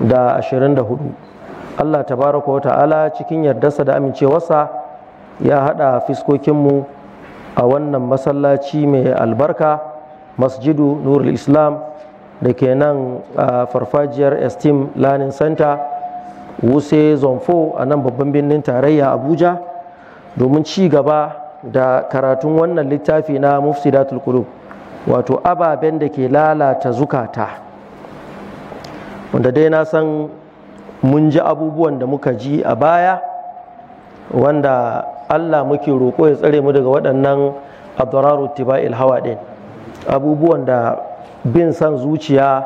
da ashirin da hudu allah tabaraka wa ta'ala cikin yardarsa da amincewarsa ya haɗa fiskokinmu a wannan masallaci mai albarka masjidu nurul islam da ke nan a farfajiyar esteem learning center wuse zonfo a nan babban birnin tarayya abuja domin ci gaba da karatun wannan littafi na mufsidatul kulub wato ababen da ke lalata zukata wanda dai na san mun ji abubuwan da muka ji a baya wanda Allah muke roƙo ya tsare mu daga waɗannan abdurraru tiba'il hawa ɗin abubuwan da bin san zuciya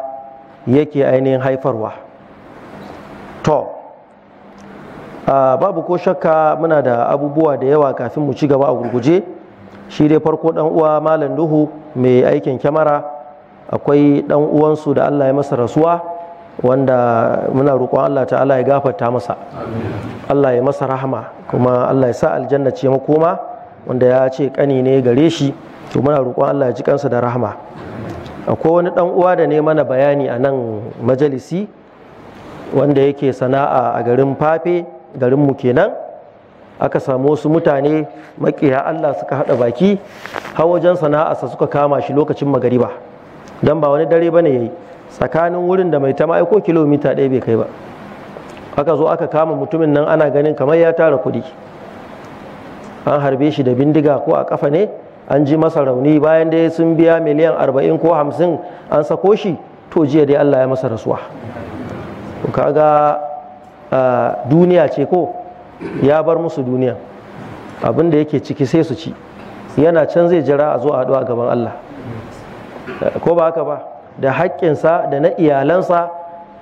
yake ainihin haifarwa to a babu ko shakka muna da abubuwa da yawa kafin mu ci gaba a gurguje shi dai farko ɗan uwa malam duhu mai aikin kyamara akwai ɗan uwansu da Allah ya masa rasuwa wanda muna roƙon Allah ta'ala ya gafarta masa Allah ya masa rahama kuma Allah ya sa aljanna ce makoma wanda ya ce kani ne gare shi to muna roƙon Allah ya ji kansa da rahama akwai wani dan uwa da ne mana bayani a nan majalisi wanda yake sana'a a garin fafe garin mu kenan aka samu wasu mutane makiya Allah suka haɗa baki har wajen sana'arsa suka kama shi lokacin magariba don ba wani dare ba bane yayi tsakanin wurin da mai ta ma'aiko kilomita ɗaya bai kai ba aka zo aka kama mutumin nan ana ganin kamar ya tara kuɗi an harbe shi da bindiga ko a kafa ne an ji masa rauni bayan dai sun biya miliyan arba'in ko hamsin an sako shi to jiya dai Allah ya masa rasuwa kaga duniya ce ko ya bar musu duniya abin da yake ciki sai su ci yana can zai jira a zo a haɗu a gaban Allah eh, ko ba haka ba da haƙƙinsa da na iyalansa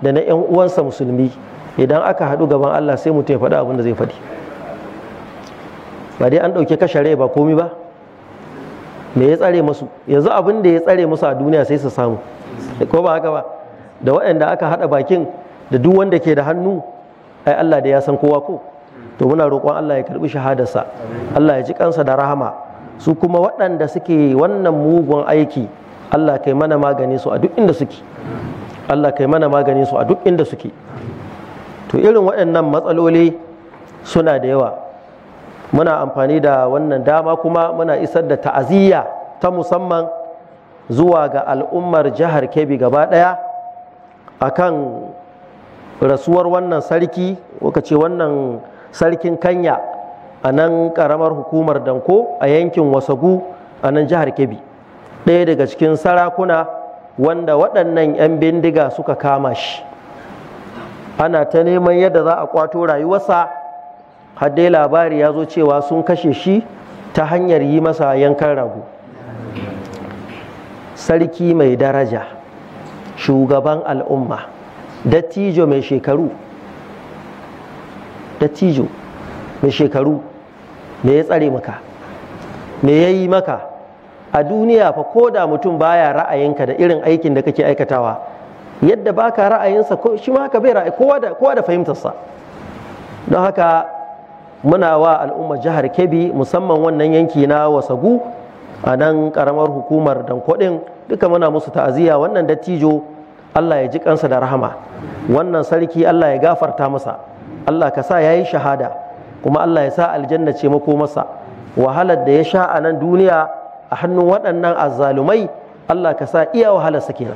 da na 'yan uwansa musulmi idan aka haɗu gaban Allah sai mutum ya faɗi abin da zai faɗi ba dai an ɗauke kashe rai ba komi ba me ya tsare masu yanzu abin da ya tsare musu a duniya sai su samu ko ba haka ba da waɗanda aka haɗa bakin da duk wanda ke da hannu ai Allah da ya san kowa ko to muna roƙon Allah ya karɓi shahadarsa Allah ya ji kansa da rahama su kuma waɗanda suke wannan mugun aiki Allah kai mana maganin su a duk inda suke Allah kai mana maganin su a duk inda suke to irin waɗannan matsaloli suna da yawa muna amfani da wannan dama kuma muna isar da ta'aziyya ta musamman zuwa ga al'ummar jihar Kebbi gaba ɗaya akan rasuwar wannan sarki kuka ce wannan sarkin Kanya a nan ƙaramar hukumar Danko a yankin Wasagu a nan jihar Kebbi ɗaya daga cikin sarakuna wanda waɗannan 'yan bindiga suka kama shi ana ta neman yadda za a kwato rayuwarsa Haɗe labari ya zo cewa sun kashe shi ta hanyar yi masa yankan rago sarki mai daraja shugaban al'umma dattijo mai shekaru dattijo mai shekaru me ya tsare maka me ya yi maka a duniya fa ko da mutum baya ra'ayinka da irin aikin da kake aikatawa yadda baka ra'ayinsa ko shi ma ka bai ra'ayi kowa da fahimtarsa don haka muna wa al'ummar jihar Kebbi musamman wannan yanki na Wasagu a nan karamar hukumar dankwadin, duka muna musu ta'aziyya wannan dattijo Allah ya ji kansa da rahama wannan sarki Allah ya gafarta masa Allah ka sa yayi shahada kuma Allah ya sa aljanna ce mako masa wahalar da ya sha a nan duniya a hannun waɗannan azzalumai Allah ka sa iya wahalarsa kenan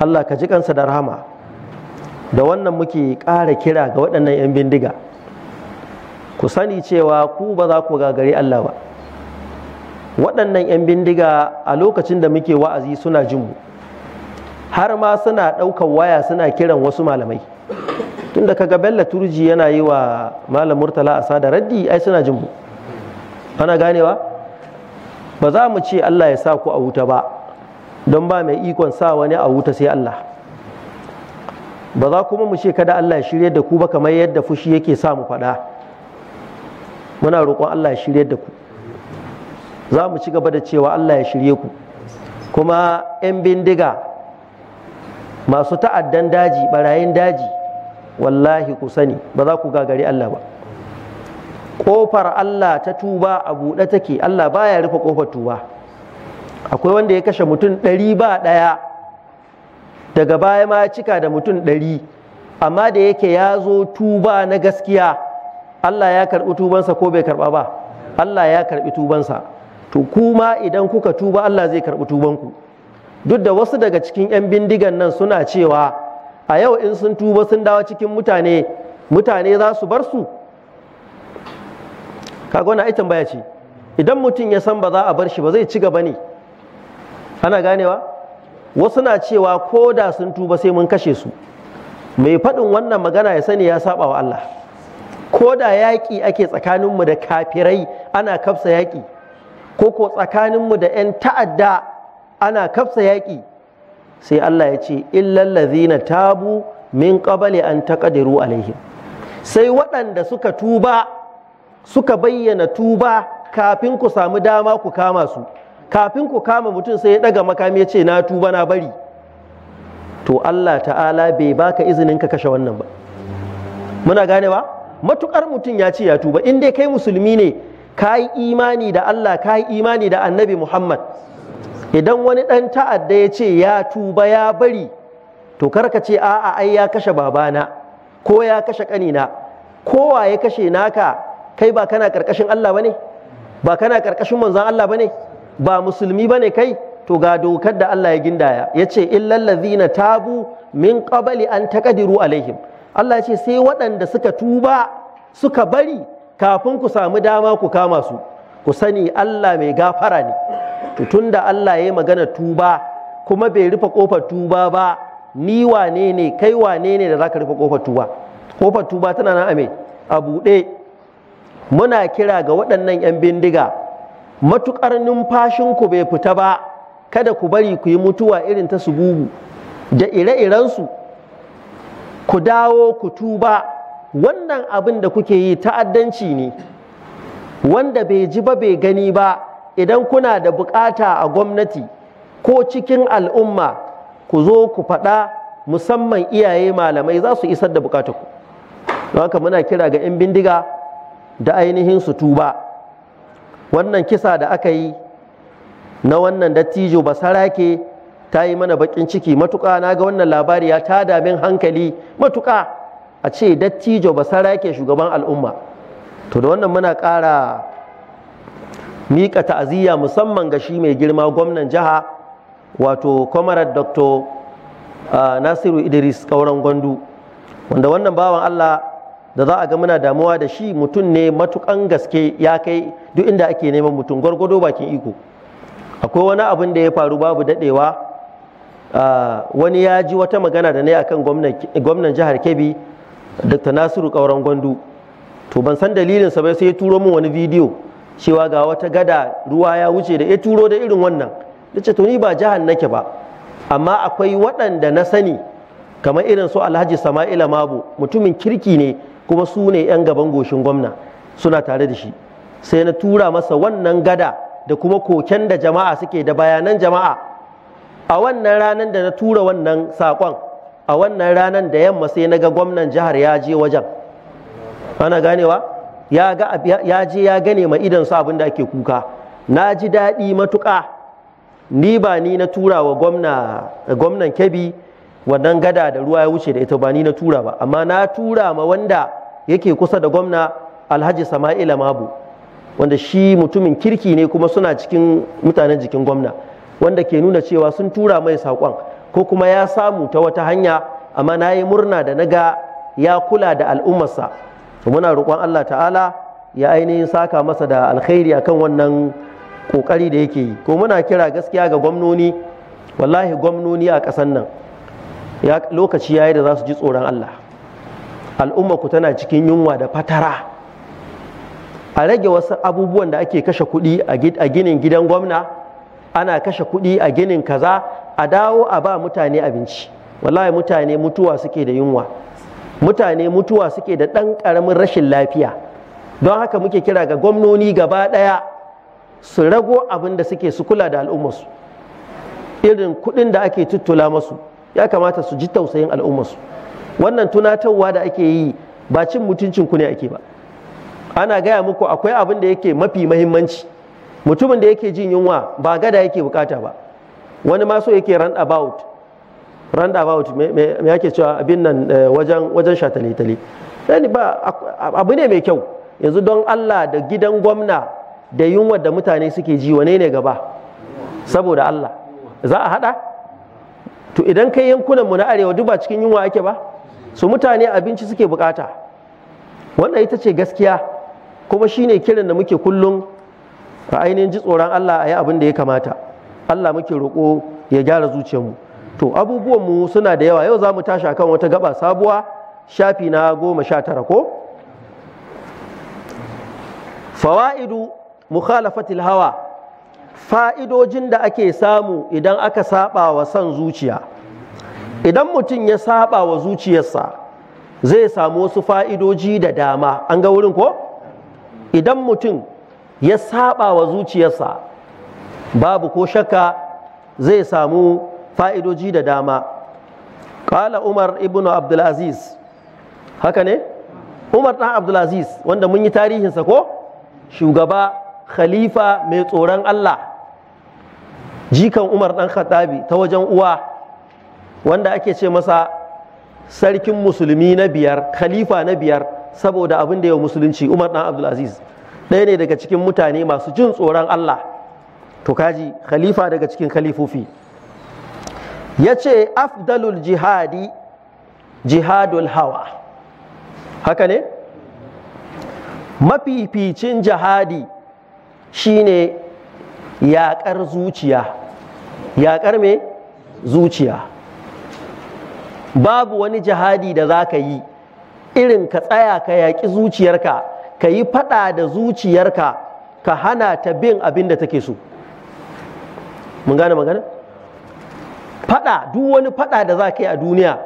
Allah ka ji kansa da rahama da wannan muke ƙara kira ga waɗannan 'yan bindiga ku sani cewa ku ba za ku gagari Allah ba waɗannan 'yan bindiga a lokacin da muke wa'azi suna jin mu har ma suna ɗaukar waya suna kiran wasu malamai tunda kaga bello turji yana yi wa malam murtala a sada raddi ai suna jin mu ana ganewa ba za mu ce Allah ya sa ku a wuta ba don ba mai ikon sa wani a wuta sai Allah ba za kuma mu ce kada Allah ya shirye da ku ba kamar yadda fushi yake sa mu faɗa muna roƙon Allah ya shirye da ku za mu ci gaba da cewa Allah ya shirye ku kuma 'yan bindiga masu ta'addan daji barayin daji wallahi ku sani ba za ku gagari Allah ba Kofar Allah ta tuba a buɗe take Allah baya rufe kofar tuba akwai wanda ya kashe mutum ɗari ba ɗaya daga baya ma ya cika da mutum ɗari amma da yake ya zo tuba na gaskiya Allah ya karɓi tubansa ko bai karɓa ba Allah ya karɓi tubansa to kuma idan kuka tuba Allah zai karɓi tubanku duk da wasu daga cikin 'yan bindigan nan suna cewa a yau in sun tuba sun dawo cikin mutane mutane za su bar su kaga wani aitan baya ce idan mutum ya san ba za a bar shi ba zai ci gaba ne ana ganewa wasu na cewa ko da sun tuba sai mun kashe su mai faɗin wannan magana ya sani ya saba wa Allah ko da yaƙi ake tsakaninmu da kafirai ana kafsa yaƙi ko ko tsakaninmu da 'yan ta'adda ana kafsa yaƙi sai Allah ya ce illallazina tabu min qabli an taqdiru alaihim sai waɗanda suka tuba suka bayyana tuba kafin ku samu dama ku kama su kafin ku kama mutum sai ya daga makami ya ce na tuba na bari to Allah ta'ala bai baka izinin ka kashe wannan ba muna gane ba matukar mutum ya ce ya tuba in dai kai musulmi ne ka yi imani da Allah ka yi imani da annabi Muhammad idan wani dan ta'adda ya ce ya tuba ya bari to karka ce a'a ai ya kashe babana ko ya kashe kanina kowa ya kashe naka kai ba kana karkashin Allah ba ne? ba kana karkashin manzon Allah ba ne? ba musulmi ba ne kai to ga dokar da Allah ya gindaya Ya yace illal na tabu min kabali an takadiru alaihim Allah ce sai waɗanda suka tuba suka bari kafin ku samu dama ku kama su ku sani Allah mai gafara ne to da Allah ya yi magana tuba kuma bai rufe kofar tuba ba ni wane ne kai wane ne da za ka rufe kofar tuba Ƙofar tuba tana nan a me a buɗe muna kira ga waɗannan 'yan bindiga matuƙar numfashinku bai fita ba kada ku bari ku yi mutuwa irin ta sububu da ire-irensu ku dawo ku tuba wannan abin da kuke yi ta'addanci ne wanda bai ji ba bai gani ba idan kuna da bukata a gwamnati ko cikin al'umma ku zo ku faɗa musamman iyaye malamai za su isar da bukatarku don haka muna kira ga 'yan bindiga da ainihin su tuba wannan kisa da aka yi na wannan dattijo basarake ta yi mana bakin ciki matuƙa na ga wannan labari ya ta damin hankali matuƙa a ce dattijo basarake shugaban al'umma to da wannan muna ƙara miƙa ta'aziyya musamman ga shi mai girma gwamnan jiha wato kwamarar dr ah, nasiru idris kauran gwandu wanda wannan bawan allah da za a ga muna damuwa da shi mutum ne matukan gaske ya kai duk inda ake neman mutum gwargwado bakin iko akwai wani abin da ya faru babu dadewa wani ya ji wata magana da ne kan gwamnan jihar kebbi dr nasiru kauran gwandu to ban san dalilin sa sai ya turo min wani bidiyo cewa ga wata gada ruwa ya wuce da ya turo da irin wannan nace to ni ba jihar nake ba amma akwai waɗanda na sani kamar irin su alhaji sama'ila mabu mutumin kirki ne kuma su ne 'yan gaban goshin gwamna suna tare da shi sai na tura masa wannan gada da kuma koken da jama'a suke da bayanan jama'a a wannan ranar da na tura wannan saƙon a wannan ranar da yamma sai na ga gwamnan jihar ya je wajen ana ganewa ya je ya gane ma idan su abin da ake kuka na ji daɗi matuƙa ni ba ni na tura wa gwamnan kebi wannan gada da ruwa ya wuce da ita ba ni na tura ba amma na tura ma wanda yake kusa da gwamna alhaji sama'ila mabu wanda shi mutumin kirki ne kuma suna cikin mutanen jikin gwamna wanda ke nuna cewa sun tura mai saƙon ko kuma ya samu ta wata hanya amma na yi murna da na ga ya kula da al'ummarsa muna roƙon allah ta'ala ya ainihin saka masa da alkhairi akan wannan ƙoƙari da yake yi ko muna kira gaskiya ga gwamnoni wallahi gwamnoni a ƙasan nan lokaci ya yi da za su ji tsoron allah al'umma tana cikin yunwa da fatara a rage wasu abubuwan da ake kashe kuɗi a ginin gidan gwamna ana kashe kuɗi a ginin kaza a dawo a ba mutane abinci wallahi mutane mutuwa suke da yunwa mutane mutuwa suke da ɗan ƙaramin rashin lafiya don haka muke kira ga gwamnoni gaba ɗaya su rago abin da suke su kula da al'ummarsu irin kuɗin da ake tuttula masu ya kamata su ji tausayin al'ummarsu wannan tunatarwa da ake yi ba cin mutuncin ku ne ake ba ana gaya muku akwai abin da yake mafi mahimmanci mutumin da yake jin yunwa ba gada yake bukata ba wani ma so yake run about run about me yake cewa abin nan eh, wajen wajen shatale-tale yani ba abu ne mai kyau yanzu don Allah da gidan gwamna da yunwa da mutane suke ji wane ne gaba saboda Allah za a hada to idan kai yankunan mu na arewa duk ba cikin yunwa ake ba su mutane abinci suke bukata wannan ita ce gaskiya kuma shine kiran da muke kullum a ainihin ji tsoron Allah a yi abin da ya kamata Allah muke roƙo ya gyara zuciyarmu to abubuwanmu suna da yawa yau za mu tashi akan wata gaba sabuwa shafi na goma sha tara ko fawa'idu mukhalafatil hawa fa'idojin da ake samu idan aka saba wa son zuciya idan mutum ya saba wa zuciyarsa zai samu wasu fa'idoji da dama an ga wurin ko idan mutum ya saba wa zuciyarsa babu ko shakka zai samu fa'idoji da dama ƙala umar ibn abdulaziz haka ne umar ɗan abdulaziz wanda mun yi tarihinsa ko shugaba khalifa mai tsoron allah jikan umar ɗan khattabi ta wajen uwa wanda ake ce masa sarkin musulmi na biyar khalifa na biyar saboda abin da yau musulunci umar dan abdulaziz ɗaya ne daga cikin mutane masu jin tsoron allah to kaji khalifa daga cikin khalifofi ya ce afdalul jihadi jihadul hawa haka ne mafificin jihadi shine yaƙar zuciya yaƙar me zuciya babu wani jihadi da za ka yi irin ka tsaya ka yaƙi zuciyarka ka yi faɗa da zuciyarka ka hana ta bin abin da take so mun gane magana faɗa duk wani faɗa da za ka yi a duniya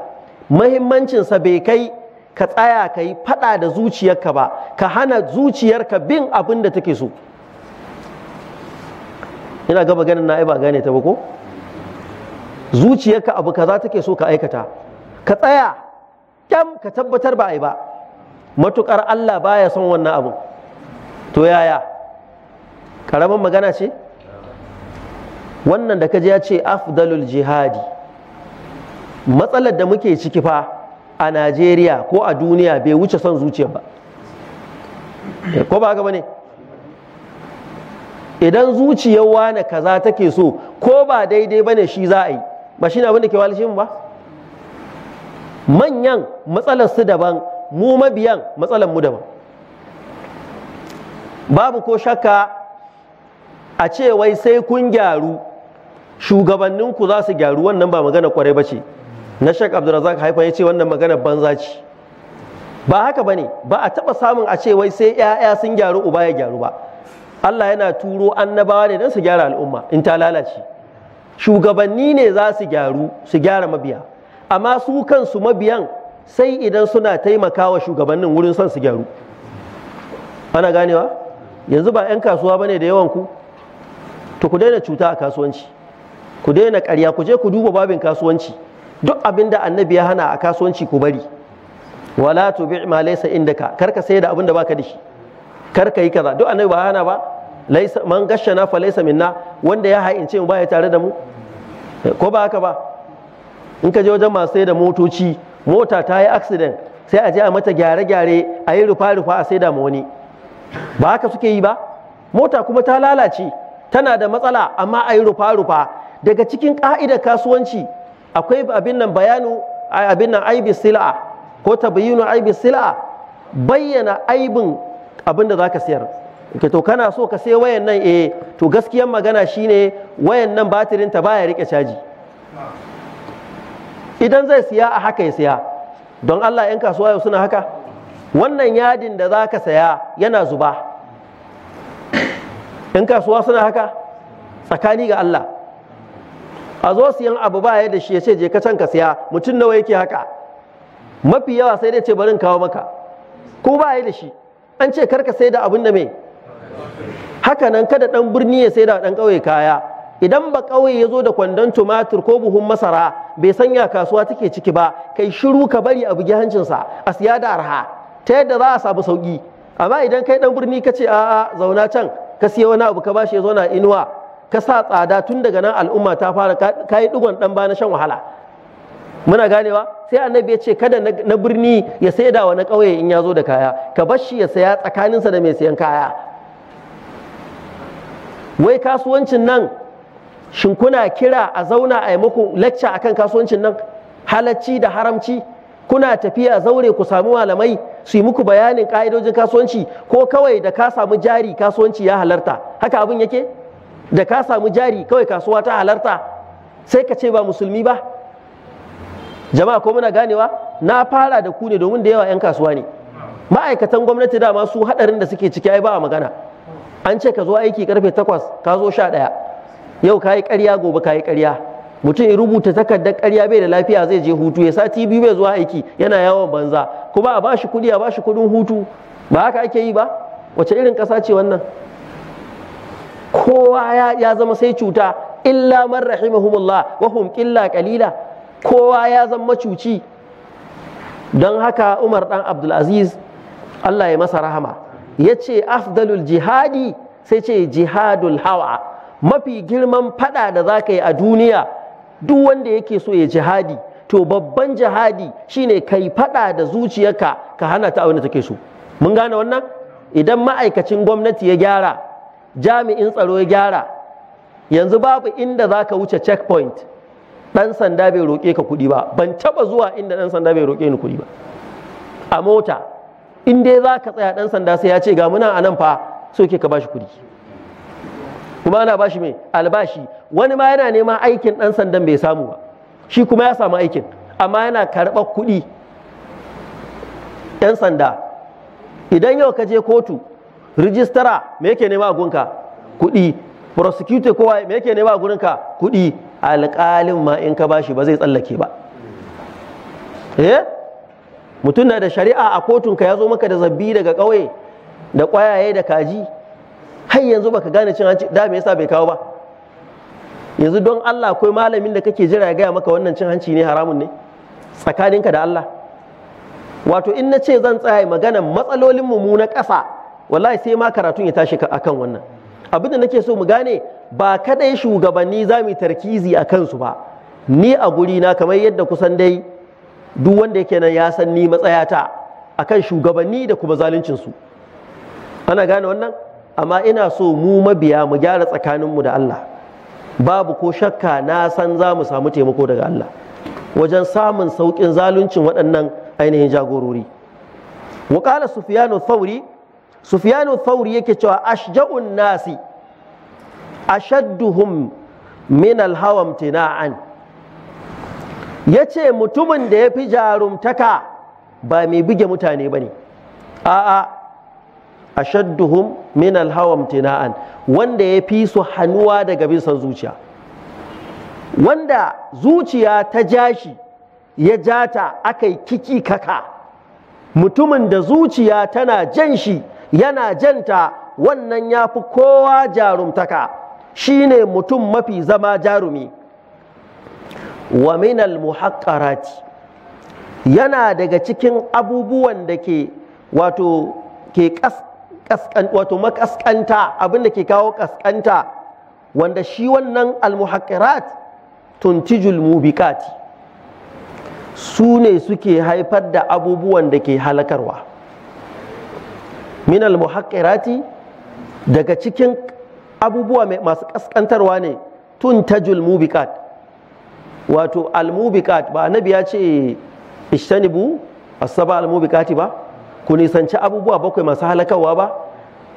mahimmancinsa bai kai ka tsaya ka yi faɗa da zuciyarka ba ka hana zuciyarka bin abin da take so ina gaba ganin na ba gane ta ba ko zuciyarka abu kaza take so ka aikata ka tsaya kyam ka tabbatar ba a yi ba matuƙar Allah baya son wannan abu to yaya ƙaramin magana ce wannan da ka kaji ya ce afdalul jihadi matsalar da muke ciki fa a Najeriya ko a duniya bai wuce son zuciya ba ko ba gaba ne idan zuciyar wane kaza take so ko ba daidai bane shi za a yi ba shi ne abin da ke walishin ba manyan matsalar su daban mu mabiyan matsalar mu daban babu ko shakka a ce wai sai kun gyaru shugabanninku za su gyaru wannan ba magana kwarai ba ce na shek abdulrazak haifan ya ce wannan magana banza ce ba haka ba ne ba a taɓa samun a ce wai sai 'ya'ya sun gyaru uba ya gyaru ba Allah yana turo annabawa ne don su gyara al'umma in ta lalace shugabanni ne za su gyaru su gyara mabiya amma su kansu mabiyan sai idan suna taimakawa shugabannin wurin son su gyaru ana ganewa yanzu ba 'yan kasuwa bane da yawan ku to ku daina cuta a kasuwanci ku daina ƙarya ku je ku duba babin kasuwanci duk abin da annabi ya hana a kasuwanci ku bari wala bi ma laysa indaka kar ka sayar da abin da baka da shi kar ka yi kaza duk annabi ba hana ba laysa man gashana fa laysa minna wanda ya ha'ince mu ba ya tare da mu ko ba haka ba in ka je wajen masu sai da motoci mota ta yi accident sai a je a mata gyare-gyare a yi rufa-rufa a sai da wani ba haka suke yi ba mota kuma ta lalace tana da matsala amma a yi rufa-rufa daga cikin ƙa'idar kasuwanci akwai abin nan bayanu abin nan aibi sil'a ko tabayinu aibi sil'a bayyana aibin abin da zaka sayar ke to kana so ka sai wayan nan eh to gaskiyar magana shine wayan nan batirin ta baya rike caji idan zai siya a haka ya siya don Allah 'yan kasuwa yau suna haka wannan yadin da za ka saya yana zuba 'yan kasuwa suna haka tsakani ga Allah a zo siyan abu ba ya da shi ya ce je ka can ka siya mutum nawa yake haka mafi yawa sai dai ce barin kawo maka ko ba ya da shi an ce karka sai da abin da mai haka nan kada dan birni ya sai da dan ƙauye kaya idan ba ƙauye ya zo da kwandon tumatur ko buhun masara bai sanya kasuwa take ciki ba kai shiru ka bari a bugi hancinsa a siya da arha ta yadda za a samu sauki amma idan kai dan birni kace ce a'a zauna can ka siya wani abu ka bashi ya zauna inuwa ka sa tsada tun daga nan al'umma ta fara ka yi digon dan ba na shan wahala muna ganewa sai annabi ya ce kada na birni ya saida wa na kauye in ya zo da kaya ka bar shi ya saya tsakaninsa da mai sayan kaya wai kasuwancin nan shin kuna kira a zauna a yi muku lecture akan kasuwancin nan halacci da haramci kuna tafiya zaure ku samu malamai su yi muku bayanin ka'idojin kasuwanci ko kawai da ka samu jari kasuwanci ya halarta haka abin yake da ka samu jari kawai kasuwa ta halarta sai ka ce ba musulmi ba jama'a ko muna ganewa na fara da ku ne domin da yawa 'yan kasuwa ne ma'aikatan gwamnati dama su hadarin da suke ciki ai ba magana an ce ka zo aiki karfe 8 ka zo 11 yau kayi ƙarya gobe kayi ƙarya mutum ya rubuta takardar ƙarya bai da lafiya zai je hutu ya sati biyu bai zuwa aiki yana yawon banza kuma a bashi kuɗi a bashi kuɗin hutu ba haka ake yi ba wace irin ƙasa ce wannan kowa ya zama sai cuta illa man rahimahumullah wa hum illa qalila kowa ya zama cuci don haka Umar dan Abdulaziz Allah ya masa rahama yace afdalul jihadi sai ce jihadul hawa mafi girman fada da za ka yi a duniya duk wanda yake so ya jihadi to babban jihadi shine kai fada da zuciyarka ka hana ta auna take so mun gane wannan idan ma'aikacin gwamnati ya gyara jami'in tsaro ya gyara yanzu babu inda za ka wuce checkpoint ɗan sanda bai roƙe ka kuɗi ba ban taɓa zuwa inda ɗan sanda bai roƙe ni kuɗi ba a mota in dai za ka tsaya ɗan sanda sai ya ce ga muna a nan fa so ke ka bashi kuɗi kuma ana bashi mai albashi wani ma yana neman aikin ɗan sandan bai samu ba shi kuma ya samu aikin amma yana karɓar kuɗi ɗan sanda idan yau ka je kotu rijistara me yake nema a gunka kuɗi prosecutor kowa me yake nema a gurinka kuɗi alƙalin ma in ka bashi ba zai tsallake ba eh mutum na da shari'a a kotunka ya zo maka da zabbi daga ƙauye da ƙwayaye da kaji har yanzu baka gane cin hanci da me yasa bai kawo ba yanzu don Allah akwai malamin da kake jira ya gaya maka wannan cin hanci ne haramun ne tsakaninka da Allah wato in na ce zan tsaya maganan matsalolin mu na ƙasa wallahi sai ma karatun ya tashi akan wannan abin da nake so mu gane ba kadai shugabanni za mu tarkizi a kansu ba ni a guri na kamar yadda kusan dai duk wanda yake nan ya san ni matsayata akan shugabanni da kuma zaluncinsu ana gane wannan amma ina so mu mabiya mu gyara tsakaninmu da Allah babu ko shakka na san za mu samu taimako daga Allah wajen samun sauƙin zaluncin waɗannan ainihin jagorori wa sufiyanu sufyanu sufiyanu sufyanu yake cewa ashja'un nasi ashadduhum min alhawam tina'an yace mutumin da ya fi jarumtaka ba mai buge mutane bane a'a ashadduhum min alhawam tina'an wanda ya fi su hannuwa daga bin son zuciya wanda zuciya ta ja shi ya ja ta aka yi kiki kaka mutumin da zuciya tana jan shi yana janta wannan ya fi kowa jarumtaka shine mutum mafi zama jarumi wa minal muhaqqarati yana daga cikin abubuwan da ke wato ke ƙasƙa wato makaskanta abin da ke kawo kaskanta wanda shi wannan almuhakirat tuntijul mubikati su ne suke haifar da abubuwan da ke halakarwa min almuhakirati daga cikin abubuwa masu kaskantarwa ne tuntajul mubikat wato almubikat ba na ya ce ishtanibu asaba almubikati ba ku nisanci abubuwa bakwai masu halakawa ba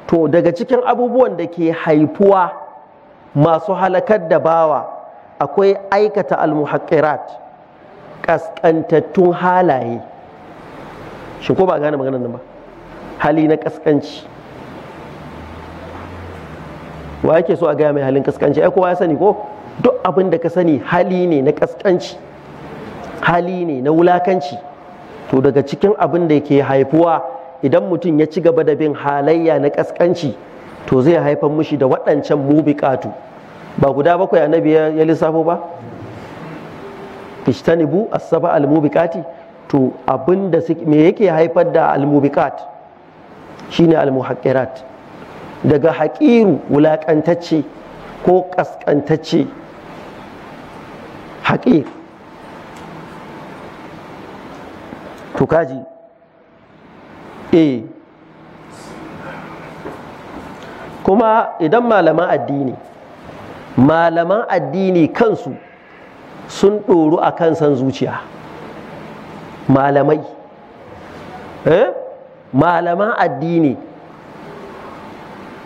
to daga cikin abubuwan da ke haifuwa masu halakar da bawa akwai aikata almuhaqqirat kaskantattun halaye shi ko ba gane maganar nan ba hali na kaskanci wa yake so a gaya mai halin kaskanci ai kowa ya sani ko duk abin da ka sani hali ne na kaskanci hali ne na wulakanci to daga cikin abin da ke haifuwa idan mutum ya ci gaba da bin halayya na ƙasƙanci to zai haifar mushi da waɗancan mubiƙatu ba guda bakwai annabi ya lissafo ba ishtanibu asaba almubiqati to abin da me yake haifar da almubiqat shine almuhaqqirat daga haƙiru wulaƙantacce ko ƙasƙantacce haƙir to kaji eh. kuma idan malaman addini malaman addini kansu sun ɗoru a kan san zuciya malamai eh? malaman addini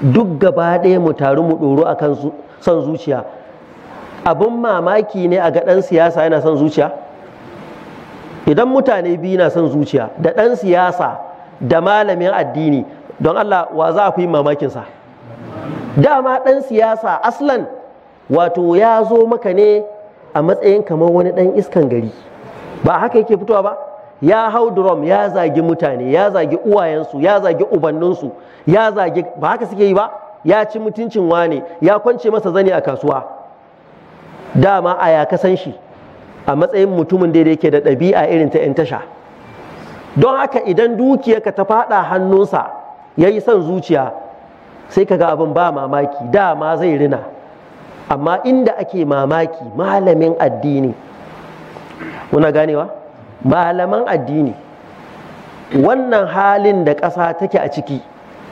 duk gaba ɗaya mu taru mu ɗoru a kan son zuciya abin mamaki ne a ga ɗan siyasa yana son zuciya idan mutane biyu na son zuciya da ɗan siyasa da malamin addini don Allah wa za ku yi mamakinsa dama ɗan siyasa aslan wato ya zo maka ne a matsayin kamar wani ɗan iskan gari ba haka yake fitowa ba ya hau drum ya zagi mutane ya zagi uwayensu ya zagi ubanninsu ya zagi ba haka suke yi ba ya ci mutuncin wane ya kwance masa zani a kasuwa dama a ya kasan shi a matsayin mutumin da yake da ɗabi'a irin ta 'yan tasha don haka idan dukiyarka ta faɗa hannunsa ya yi son zuciya sai ka ga abin ba mamaki dama zai rina amma inda ake mamaki malamin addini muna ganewa malaman addini wannan halin da ƙasa take a ciki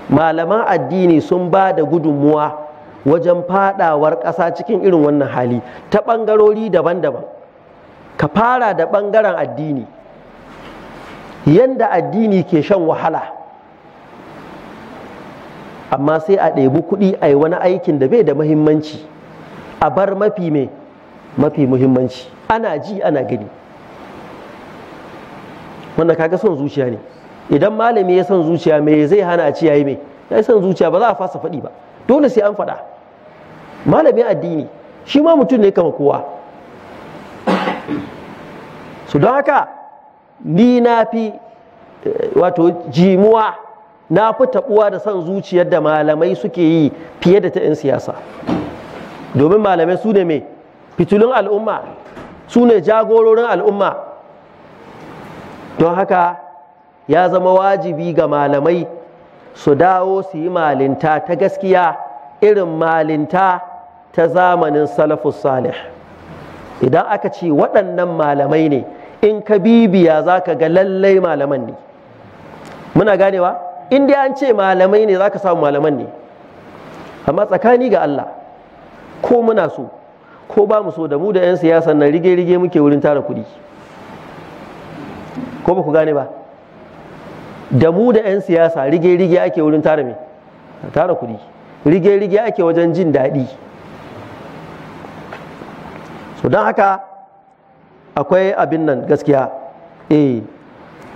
malaman addini sun ba da gudunmuwa wajen fadawar ƙasa cikin irin wannan hali ta ɓangarori daban-daban ka fara da ɓangaren addini yanda addini ke shan wahala amma sai a ɗebi kuɗi a yi wani aikin da bai da muhimmanci a bar mafi mai mafi muhimmanci ana ji ana gani wanda kaga son zuciya ne idan malami ya son zuciya me zai hana a ce yayi mai? ya son zuciya ba za a fasa faɗi ba dole sai an faɗa malamin addini shi ma mutum ne kama kowa su don haka ni na fi eh, wato jimuwa na fi taɓuwa da son zuciyar da malamai suke yi fiye da ta 'yan siyasa domin malamai su ne mai fitilun al'umma su ne jagororin al'umma don haka ya zama wajibi ga malamai su dawo su yi malinta ta gaskiya irin malinta ta zamanin salafus salih idan aka ce waɗannan malamai ne in ka bibiya za ka ga lallai malaman ne muna ganewa inda an ce malamai ne za ka samu malaman ne amma tsakani ga Allah ko muna so ko ba mu so da mu da 'yan siyasan nan rige-rige muke wurin tara kuɗi ko ba ku gane ba da mu da 'yan siyasa rige-rige ake wurin tara me tara kuɗi rige-rige ake wajen jin daɗi so don haka akwai abin nan gaskiya eh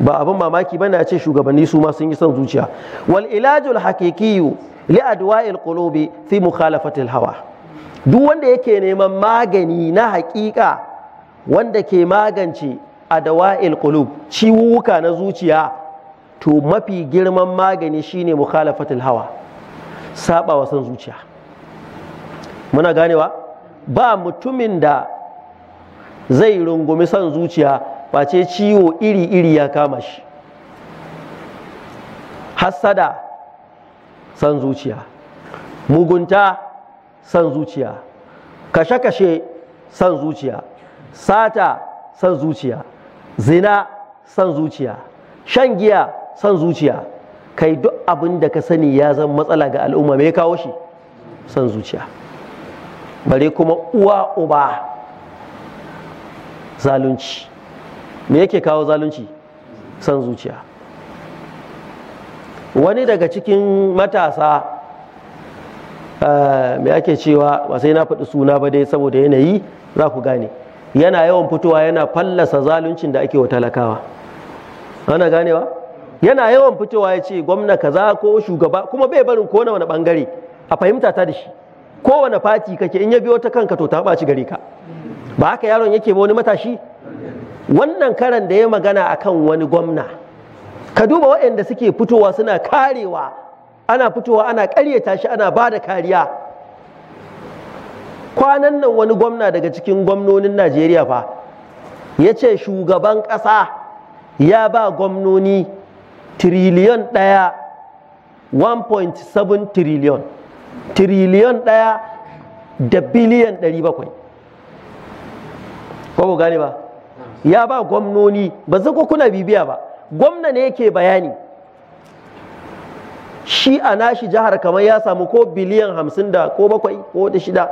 ba abin mamaki ba a ce shugabanni su ma sun yi son zuciya wal ilajul hakikiyu li adwa'il qulubi fi mukhalafatil hawa duk wanda yake neman magani na haƙiƙa wanda ke magance a adawa'il qulub ciwuka na zuciya to mafi girman magani shine mukhalafatil hawa saba wa son zuciya muna ganewa ba mutumin da zai rungumi son zuciya face ciwo iri-iri ya kama shi hassada son zuciya mugunta son zuciya kashe-kashe son zuciya sata son zuciya zina son zuciya shan giya son zuciya kai duk abin da ka sani ya zan matsala ga al'umma me kawo shi son zuciya bare kuma uwa uba zalunci me yake kawo zalunci san zuciya wani daga cikin matasa eh, me ake cewa ba na faɗi suna ba dai saboda yanayi za ku gane yana yawan fitowa yana fallasa zaluncin da ake wa talakawa ana ganewa yana yawan fitowa ya ce gwamna kaza ko shugaba kuma bai barin ko na wani bangare a fahimta ta da shi kowane fati kake in ya biyo ta kanka to ta ɓaci gare ka ba haka yaron yake ba wani matashi wannan karan da ya magana akan wani gwamna ka duba waɗanda suke fitowa suna karewa ana fitowa ana ƙaryata shi ana ba da kariya kwanan nan wani gwamna daga cikin gwamnonin najeriya fa ya ce shugaban ƙasa ya ba gwamnoni tiriliyon ɗaya 1.7 tiriliyon tiriliyon ɗaya da biliyan 700 ko mu gane ba ya ba gwamnoni ba zai kuna bibiya ba gwamna ne yake bayani shi a nashi jihar kamar ya samu ko biliyan hamsin da ko bakwai ko da shida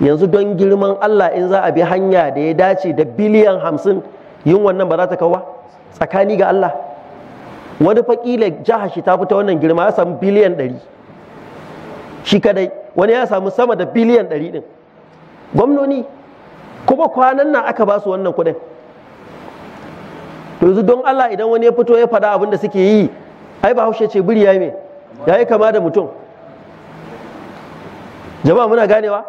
yanzu don girman Allah in za a bi hanya da ya dace da biliyan hamsin yin wannan ba za ta kawo tsakani ga Allah wani fakila jihar shi ta fita wannan girma ya samu biliyan ɗari shi kadai wani ya samu sama da biliyan ɗari ɗin gwamnoni kuma kwanan nan aka ba su wannan kuɗin to yanzu don Allah idan wani ya fito ya faɗa abin da suke yi ai ba haushe ce biri ya me ya yi kama da mutum jama'a muna ganewa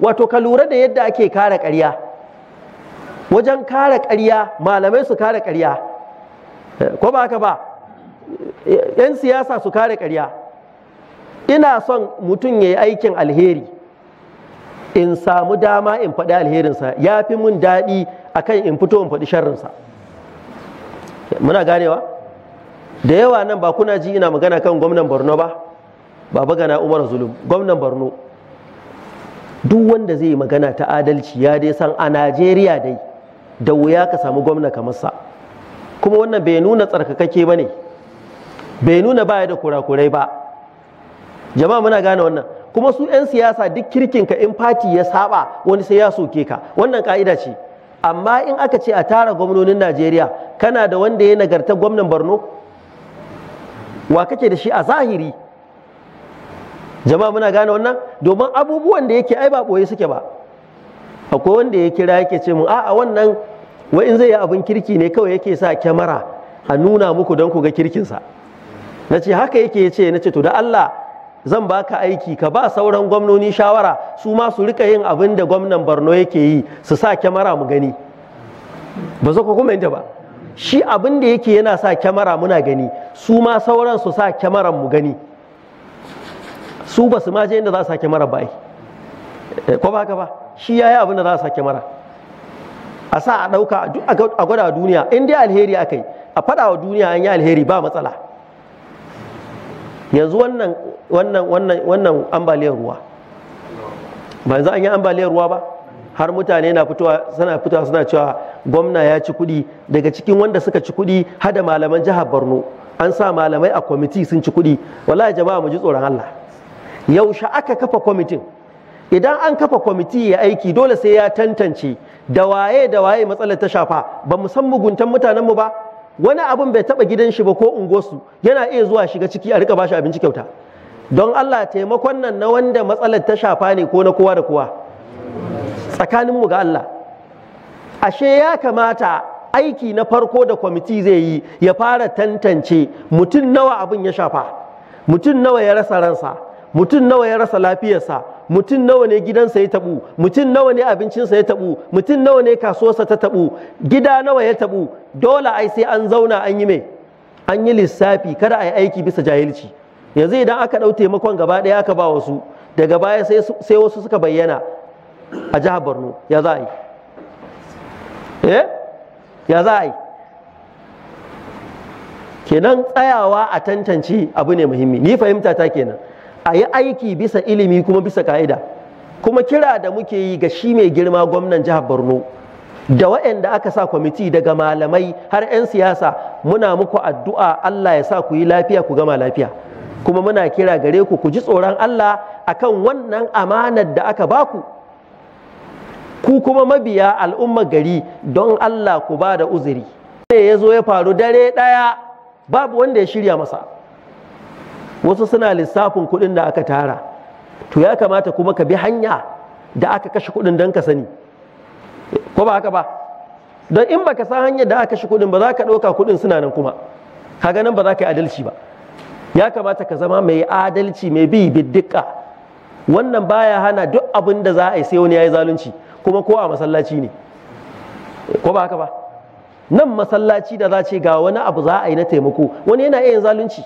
wato ka lura da yadda ake kare ƙarya wajen kare ƙarya malamai su kare ƙarya ko ba haka ba 'yan siyasa su kare ƙarya ina son mutum ya yi aikin alheri in samu dama in faɗi alherinsa ya fi mun daɗi akan in fito in faɗi sharrinsa muna ganewa da yawa nan ba kuna ji ina magana kan gwamnan borno ba baba gana umar zulum gwamnan borno duk wanda zai yi magana ta adalci ya dai san a najeriya dai da wuya ka samu gwamna kamar sa kuma wannan bai nuna tsarkakake ba ne bai nuna baya da kurakurai ba jama'a muna gane wannan kuma su 'yan siyasa duk kirkinka in fati ya saba wani sai ya soke ka wannan ka'ida ce amma in aka ce a tara gwamnonin najeriya kana da wanda ya nagarta gwamnan borno wa kake da shi a zahiri jama'a muna gane wannan domin abubuwan da yake ai ba ɓoye suke ba akwai wanda ya kira yake ce mu a'a wannan wa in zai yi abin kirki ne kawai yake sa kyamara a nuna muku don ku ga kirkinsa na ce haka yake ya ce na ce to da allah zan baka aiki ka ba sauran gwamnoni shawara su ma su rika yin abin da gwamnan Borno yake yi su sa kyamara mu gani ba za ku kuma ba shi abin da yake yana sa kyamara muna gani su ma sauran su sa kyamaran mu gani su ba su ma je inda za su sa kyamara ba eh, ko ba ka ba shi yayi abin da za su sa kyamara a sa a ɗauka a gwada duniya in dai alheri akai a fada wa duniya an yi alheri ba matsala yanzu wannan wannan wannan wannan ambaliyar ruwa ba yanzu an yi ambaliyar ruwa ba har mutane na fitowa suna fitowa suna cewa gwamna ya ci kuɗi daga cikin wanda suka ci kuɗi hada malaman jihar Borno an sa malamai a kwamiti sun ci kuɗi wallahi jama'a mu ji tsoron Allah yaushe aka kafa kwamitin idan an kafa kwamiti ya aiki dole sai ya tantance da waye da waye matsalar ta shafa ba mu san muguntan mutanen mu ba wani abun bai taba gidan shi ba ko unguwarsu yana iya zuwa shiga ciki a rika bashi abinci kyauta don Allah taimakon nan na wanda matsalar ta shafa ne ko na kowa da kowa tsakaninmu ga Allah ashe ya kamata aiki na farko da kwamiti zai yi ya fara tantance mutum nawa abin ya shafa mutum nawa ya rasa ransa mutum nawa ya rasa lafiyarsa mutum nawa ne gidansa ya tabu mutum nawa ne abincinsa ya tabu mutum nawa ne kasuwarsa ta tabu gida nawa ya tabu dole ai sai an zauna an yi mai an yi lissafi kada a yi aiki bisa jahilci yanzu idan aka ɗau taimakon gaba ɗaya aka ba wasu daga baya sai wasu suka bayyana a jihar borno ya za a yi eh? ya za a yi kenan tsayawa a tantance abu ne muhimmi ni fahimta ta kenan a yi aiki bisa ilimi kuma bisa ka'ida kuma kira da muke yi ga shi mai girma gwamnan jihar borno da waɗanda aka sa kwamiti daga malamai har 'yan siyasa muna muku addu'a allah ya sa ku yi lafiya ku gama lafiya kuma muna kira gare ku ku ji tsoron Allah akan wannan amanar da aka ba ku Ku kuma mabiya al'umma gari don Allah ku ba da uzuri ne ya zo ya faru dare ɗaya babu wanda ya shirya masa wasu suna lissafin kuɗin da aka tara to ya kamata kuma ka bi hanya da aka kashe kuɗin don ka sani ko ba haka ba don in baka san hanyar da aka kashe kuɗin ba za ka ɗauka kuɗin suna nan kuma kaga nan ba za ka yi adalci ba ya kamata ka zama mai adalci mai bi bidduka wannan baya hana duk abin da za a yi sai wani ya yi zalunci kuma ko a masallaci ne ko ba haka ba nan masallaci da za ce ga wani abu za a yi na taimako wani yana iya yin zalunci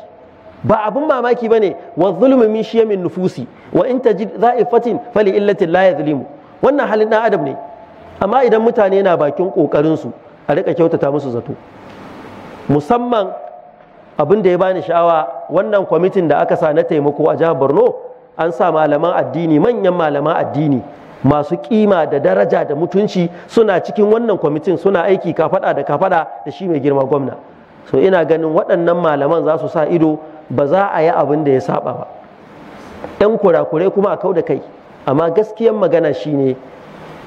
ba abin mamaki ba ne wa zulmi min min nufusi wa in ta tajid za'ifatin fali illatin la zulimu wannan halin ɗan adam ne amma idan mutane na bakin kokarin a riƙa kyautata musu zato musamman abin da ya bani sha'awa wannan kwamitin da aka sa na taimako a jihar borno an sa malaman addini manyan malaman addini masu kima da daraja da mutunci suna cikin wannan kwamitin suna aiki kafada da kafada da shi mai girma gwamna so ina ganin waɗannan malaman za su sa ido ba za a yi abin da ya saba ba ɗan kurakurai kuma a kau da kai amma gaskiyan magana shine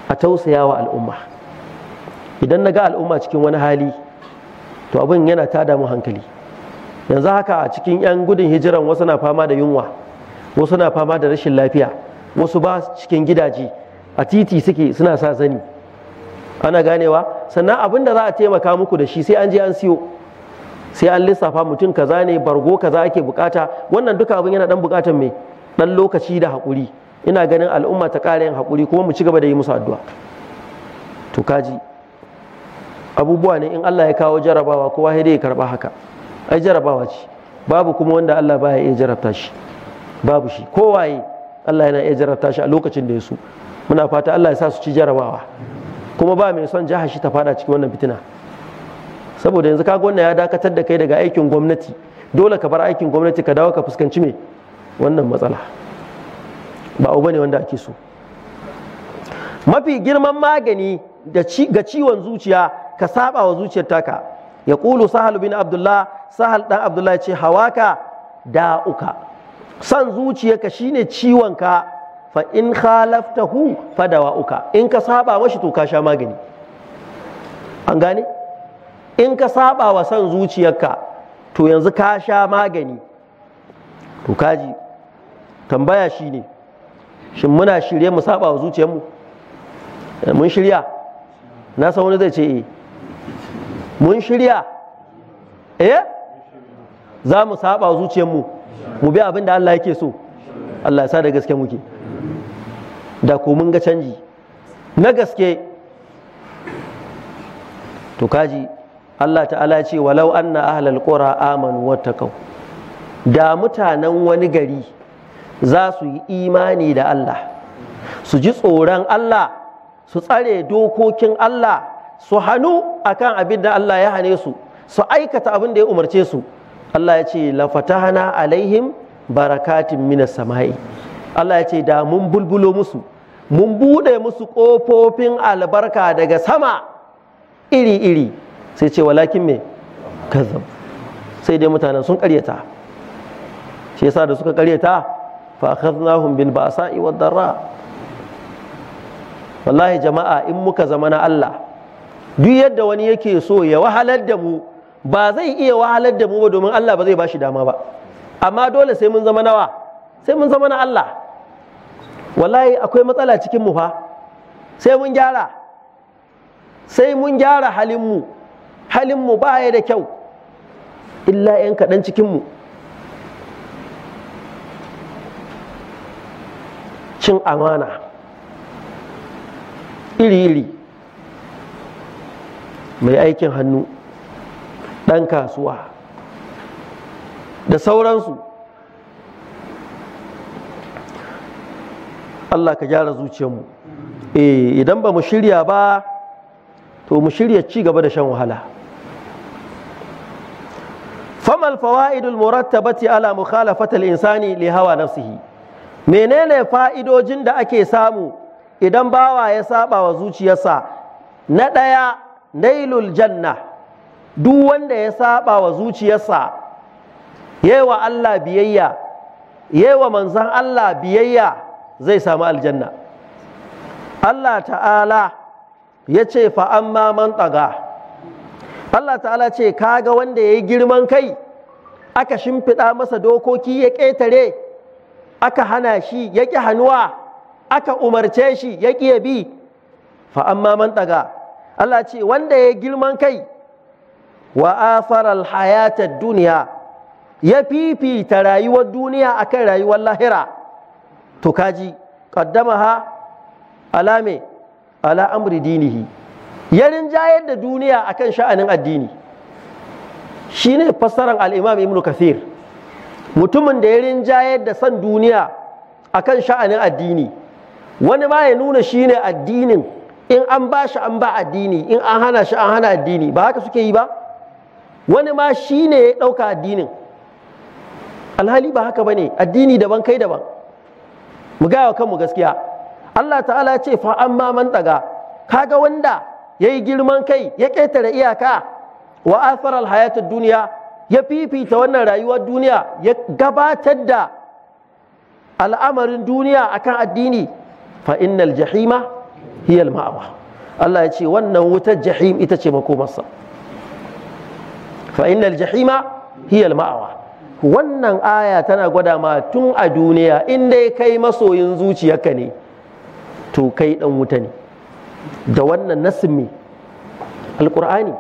a tausaya wa al'umma idan na ga al'umma cikin wani hali to abin yana tada mu hankali yanzu haka a cikin 'yan gudun hijiran wasu na fama da yunwa wasu na fama da rashin lafiya wasu ba cikin gidaje a titi suke suna sa zani ana ganewa sannan abin da za a taimaka muku da shi sai an je an siyo sai an lissafa mutum kaza ne bargo kaza ake bukata wannan duka abin yana dan bukatan mai dan lokaci da haƙuri ina ganin al'umma ta ƙara yin haƙuri kuma mu ci gaba da yi musu addu'a to kaji abubuwa ne in Allah ya kawo jarabawa kowa sai ya karba haka ai jarabawa ce babu kuma wanda Allah baya iya jarabta shi babu shi kowaye Allah yana iya jarabta shi a lokacin da ya so muna fata Allah ya sa su ci jarabawa kuma ba mai son jihar shi ta fada cikin wannan fitina saboda yanzu kaga wannan ya dakatar da kai daga aikin gwamnati dole ka bar aikin gwamnati ka dawo ka fuskanci mai wannan matsala ba abu bane wanda ake so mafi girman magani ga ciwon zuciya ka saba wa zuciyar taka ya kulu sahal bin abdullah sahal dan abdullahi ce hawaka uka. san zuciyarka shine ciwonka fa in khalaftahu uka. in ka saba shi to ka sha magani an gane in ka saba wa san zuciyarka to yanzu ka sha magani to kaji tambaya shine shin muna shirye mu saba wa zuciyarmu eh, mun shirya na san wani zai ce eh mun shirya eh za mu saba zuciyarmu mu bi abin da Allah yake so Allah ya sa da gaske muke da ko mun ga canji na gaske to kaji Allah ta'ala ya ce walau anna ahlal qura amanu wattaqau da mutanen wani gari za su yi imani da Allah su ji tsoron Allah su tsare dokokin Allah su hannu akan abin da Allah ya hane su su aikata abin da ya umarce su Allah ya ce la fatahana alaihim barakatin mina sama'i Allah ya ce da mun bulbulo musu mun bude musu kofofin albarka daga sama iri iri sai ce walakin me kazzab sai dai mutanen sun karyata shi yasa da suka karyata fa ba bil ba'sa'i wad darra wallahi jama'a in muka zama na Allah duk yadda wani yake so ya wahalar da mu ba zai iya wahalar da mu ba domin Allah ba zai ba shi dama ba amma dole sai mun zama nawa sai mun zama na Allah wallahi akwai matsala cikin mu fa sai mun gyara sai mun gyara halin mu halin mu ba ya da kyau illa 'yan kaɗan cikin mu cin amana iri-iri mai aikin hannu ɗan kasuwa da sauransu Allah ka gyara zuciyarmu eh, idan ba mu shirya ba to mu shirya ci gaba da shan wahala famal fawaidul murattabati ala mukhalafati al-insani li hawa nafsihi menene fa'idojin da ake samu idan bawa ya saba wa zuciyarsa na ɗaya nailul janna duk wanda ya saba wa zuciyarsa yawa Allah biyayya yawa manzan Allah biyayya zai samu aljanna Allah ta'ala ya ce fa'amma man ɗaga Allah ta'ala ce kaga wanda ya yi girman kai aka shimfiɗa masa dokoki ya ƙetare aka hana shi ya ƙi hannuwa aka umarce shi ya ƙi ya bi fa'amma man ɗaga Allah ce wanda ya yi girman kai wa afaral hayatar duniya ya fifita rayuwar duniya akan rayuwar lahira to kaji kaddama ha Alame ala amri dinihi ya rinjayar da duniya akan sha'anin addini shine fassarar alimam imam ibnu kathir mutumin da ya rinjayar da san duniya akan sha'anin addini wani ma ya nuna shine addinin in an ba shi an ba addini in an hana shi an hana addini ba haka suke yi ba wani ma shi ne ya ɗauka addinin alhali ba haka ba ne addini daban kai daban mu gaya wa kanmu gaskiya Allah ta'ala ce fa amma man daga kaga wanda ya yi girman kai ya ƙetare iyaka wa asarar hayatar duniya ya fifita wannan rayuwar duniya ya gabatar da al'amarin duniya akan addini fa innal jahima hiyal ma'awa Allah ya ce wannan wutar jahim ita ce makomarsa fa innal jahima hiya ma'awa wannan aya tana gwada ma tun a duniya in dai kai masoyin zuciyarka ne to kai dan wuta ne da wannan nasmi alqur'ani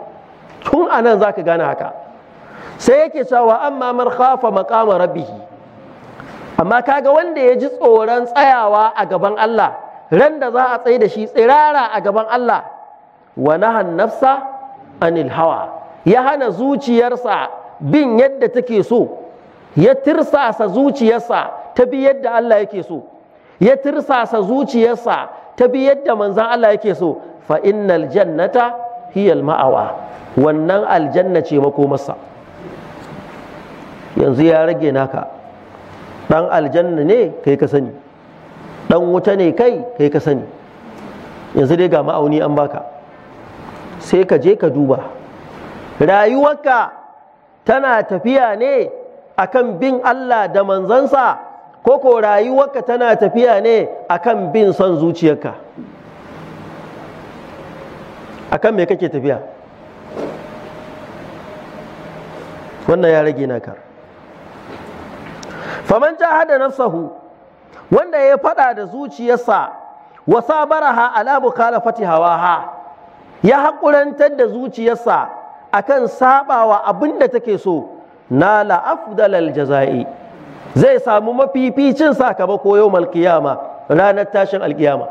tun anan zaka gane haka sai yake cewa amma man khafa maqama rabbih amma kaga wanda ya ji tsoron tsayawa a gaban Allah ran da za a tsaye da shi tsirara a gaban Allah wa nahan nafsa anil hawa ya hana zuciyarsa bin yadda take so ya tirsasa zuciyarsa ta bi yadda Allah yake so ya tirsasa zuciyarsa ta bi yadda manzan Allah yake so fa innal jannata hiyal ma'awa wannan aljanna ce makomarsa yanzu ya rage naka dan aljanna ne kai ka sani dan wuta ne kai kai ka sani yanzu dai ga ma'auni an baka sai ka je ka duba rayuwarka tana tafiya ne akan bin Allah da manzansa ko ko rayuwarka tana tafiya ne akan bin son zuciyarka akan me kake tafiya wannan ya rage naka faman jahada nafsahu wanda ya faɗa da zuciyarsa wasa baraha, ala mukhalafati hawaha ya haƙurantar da zuciyarsa akan sabawa abin da take so nala afdalal jaza'i zai samu mafificin sakamako yau malkiyama ranar tashin alkiyama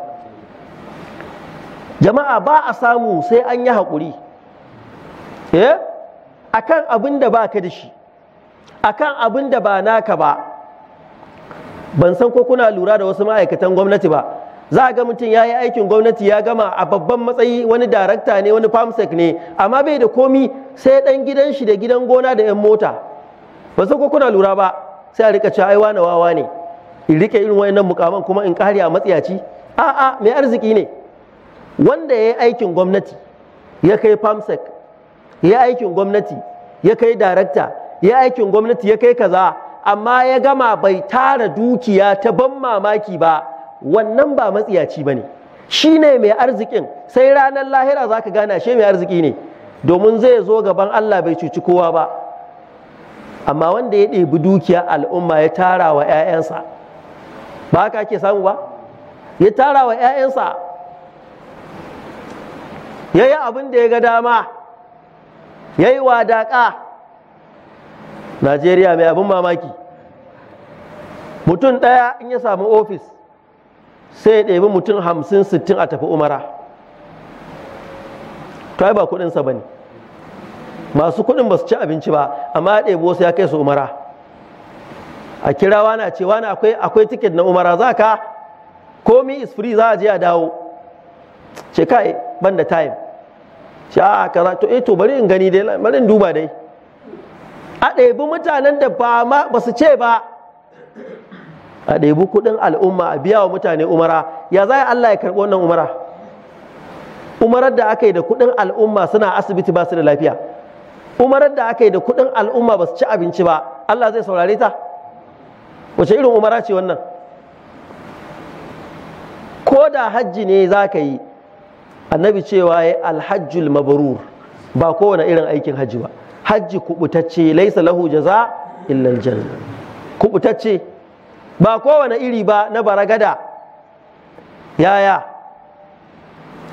jama'a ba a samu sai an yi haƙuri eh akan abin da ba ka da shi akan abin da ba naka ba ban san ko kuna lura da wasu ma'aikatan gwamnati ba za a ga mutum ya yi aikin gwamnati ya gama a babban matsayi wani darakta ne wani famsek ne amma bai da komi sai ɗan gidan shi da gidan gona da yan mota ba su kuna lura ba sai a rika cewa ai wane wawa ne in rike irin wayannan mukaman kuma in kare a matsiyaci a'a mai arziki ne wanda ya yi aikin gwamnati ya kai famsek ya yi aikin gwamnati ya kai darakta ya yi aikin gwamnati ya kai kaza amma ya gama bai tara dukiya ta ban mamaki ba wannan ba matsiyaci ba ne shi ne mai arzikin sai ranar lahira za ka gana shi mai arziki ne domin zai zo gaban Allah bai cuci kowa ba amma wanda ya ɗebi dukiya al'umma ya tara wa 'ya'yansa ba haka ke samu ba ya tara wa 'ya'yansa ya yi abin da ya ga dama ya yi wadaƙa najeriya mai abin mamaki mutum ɗaya in ya samu ofis sai ya ɗebi mutum hamsin sittin a tafi umara to ai ba kuɗinsa ba ne masu kuɗin ba su ci abinci ba amma ya ɗebi wasu ya kai su umara a kira wani a ce wani akwai akwai tiket na umara za ka komi is free za a je a dawo ce kai ban da time ce a kaza to eh to bari in gani dai bari in duba dai a ɗebi mutanen da ba ma ba su ce ba a ɗebi kuɗin al'umma a biya wa mutane umara ya za Allah ya karɓi wannan umara umarar da aka yi da kuɗin al'umma suna asibiti ba su da lafiya umarar da aka yi da kuɗin al'umma ba su ci abinci ba Allah zai saurare ta wace irin umara ce wannan ko da hajji ne za ka yi annabi cewa ya alhajjul mabrur ba kowane irin aikin hajji ba hajji kubutacce laisa lahu jaza illal aljanna kuɓutacce ba kowane iri ba na baragada yaya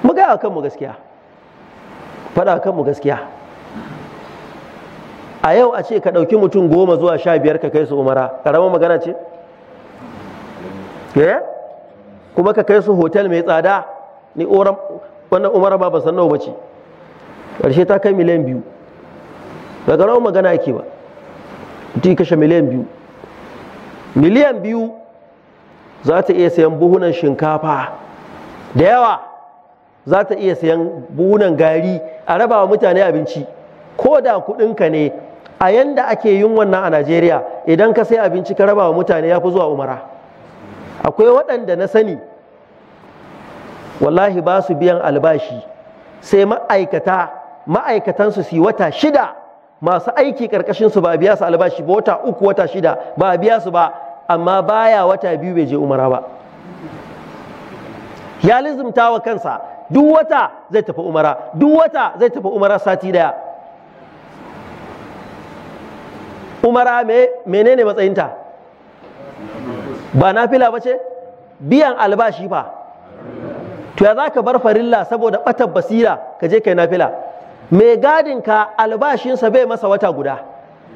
mu gaya kanmu gaskiya faɗa kanmu gaskiya a yau a ce ka ɗauki mutum goma zuwa sha biyar ka kai su umara ƙaramin magana ce eh? kuma ka kai su hotel mai tsada ni wannan umara ba basan nawa bace ƙarshe ta kai miliyan biyu ba ƙaramin magana yake ba mutum kashe miliyan biyu miliyan biyu za ta iya sayan buhunan shinkafa da yawa za ta iya sayan buhunan gari a raba wa mutane abinci ko da kuɗinka ne a yanda ake yin wannan a najeriya idan ka sai abinci ka raba wa mutane ya fi zuwa umara akwai waɗanda na sani wallahi ba su biyan albashi sai ma'aikata ma'aikatansu su yi wata shida masu aiki ƙarƙashinsu ba ba biya su albashi ba wata uku wata shida ba a biya su ba amma baya wata biyu bai je umara ba ya lizumta wa kansa duk wata zai tafi umara duk wata zai tafi umara sati daya umara me menene matsayinta ba nafila ba ce biyan albashi fa to ya za ka bar farilla saboda ɓatar basira ka je kai nafila mai gadinka albashinsa bai masa wata guda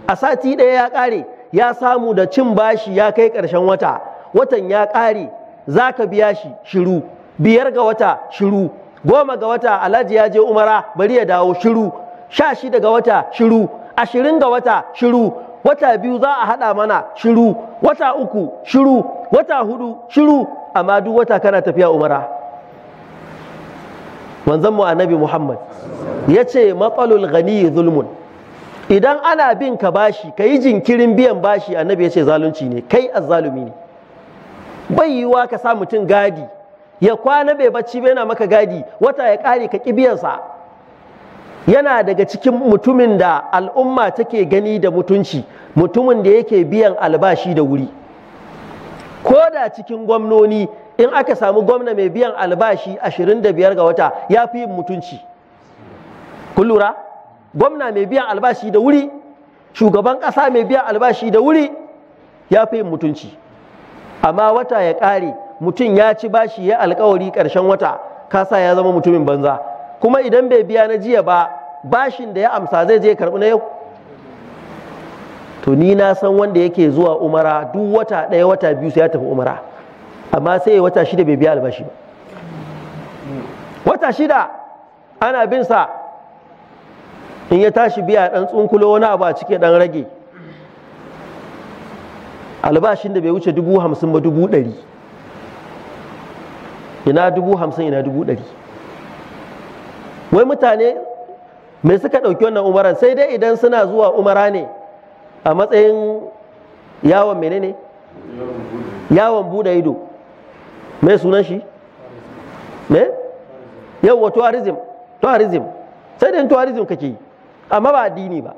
a sati ɗaya ya ƙare ya samu da cin bashi ya kai ƙarshen wata watan ya ƙare za ka biya shi shiru biyar ga wata shiru goma ga wata alhaji ya je umara bari ya dawo shiru sha shida ga wata shiru ashirin ga wata shiru wata biyu za a haɗa mana shiru wata uku shiru wata hudu shiru amma duk wata kana tafiya umara manzanmu mu annabi muhammad ya ce matsalul gani zulmun idan ana bin ka bashi ka yi jinkirin biyan bashi annabi ya ce zalunci ne kai azzalumi ne bai yiwuwa ka sa mutum gadi ya kwana bai bacci bai yana maka gadi wata ya kare ka ki biyansa yana daga cikin mutumin da al'umma take gani da mutunci mutumin da yake biyan albashi da wuri ko da cikin gwamnoni in aka samu gwamna mai biyan albashi 25 ga wata ya fi yin mutunci kullura lura gwamna mai biyan albashi da wuri shugaban ƙasa mai biyan albashi da wuri ya fi mutunci amma wata ya ƙare mutum ya ci bashi ya alkawari ƙarshen wata kasa ya zama mutumin banza kuma idan bai biya na jiya ba bashin da ya amsa zai je karɓi na yau to ni na san wanda yake zuwa umara duk wata ɗaya wata biyu sai ya tafi umara amma sai ya wata shida bai biya albashi ba wata shida ana bin sa in ya tashi biya dan tsunkulo wani abu a cike dan rage albashin da bai wuce dubu hamsin ba dubu ɗari ina dubu hamsin ina dubu ɗari wai mutane mai suka ɗauki wannan umaran sai dai idan suna zuwa umara ne a matsayin yawon menene yawon buɗe ido mai sunan shi me yawon tourism tourism sai dai tourism kake yi amma ba addini ba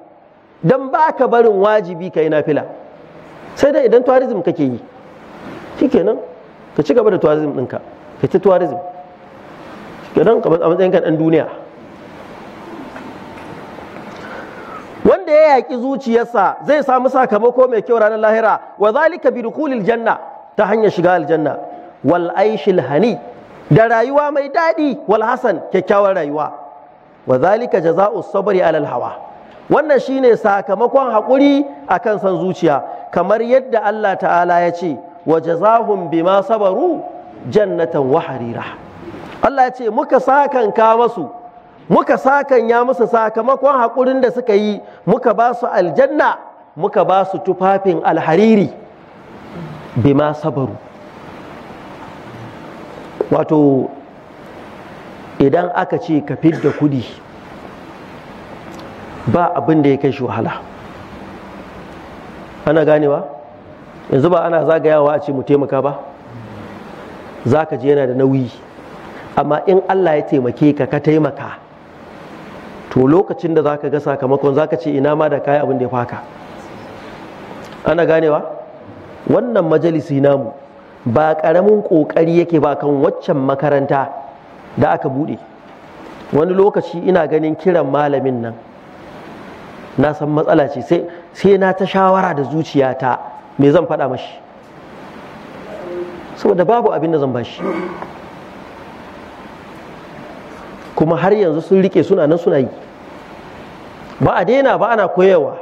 dan baka barin wajibi ka yi nafila sai dai idan tourism kake yi shikenan ka ci gaba da tourism ɗinka ka ta tourism shikenan a matsayin kan ɗan duniya wanda ya yaki zuciyarsa zai samu sakamako mai kyau ranar lahira wa zalika bi dukhulil janna ta hanyar shiga aljanna wal aishil hani da rayuwa mai daɗi wal hasan kyakkyawar rayuwa wa zalika jaza'u sabari alal hawa wannan shine sakamakon haƙuri akan san zuciya kamar yadda Allah ta'ala ya ce wa jazahum bima sabaru jannatan wa harira Allah ya ce muka sakanka masu muka sakanya musu sakamakon haƙurin da suka yi muka ba su aljanna muka ba su tufafin alhariri bima sabaru wato idan aka ce ka fidda kudi ba abin da ya kai shi wahala ana ganewa yanzu ba ana zagayawa a ce mu taimaka ba za ka je yana da nauyi amma in allah ya taimake ka ka taimaka to lokacin da za ka ga sakamakon za ka ce ina ma da kayi abin da ya faka ana ganewa wannan majalisi namu ba ƙaramin ƙoƙari yake ba kan waccan makaranta da aka buɗe wani lokaci ina ganin kiran malamin nan na san matsala ce sai na ta shawara da zuciyata me zan faɗa mashi saboda babu abin da zan bashi kuma har yanzu sun rike suna nan suna yi ba a daina ba ana koyarwa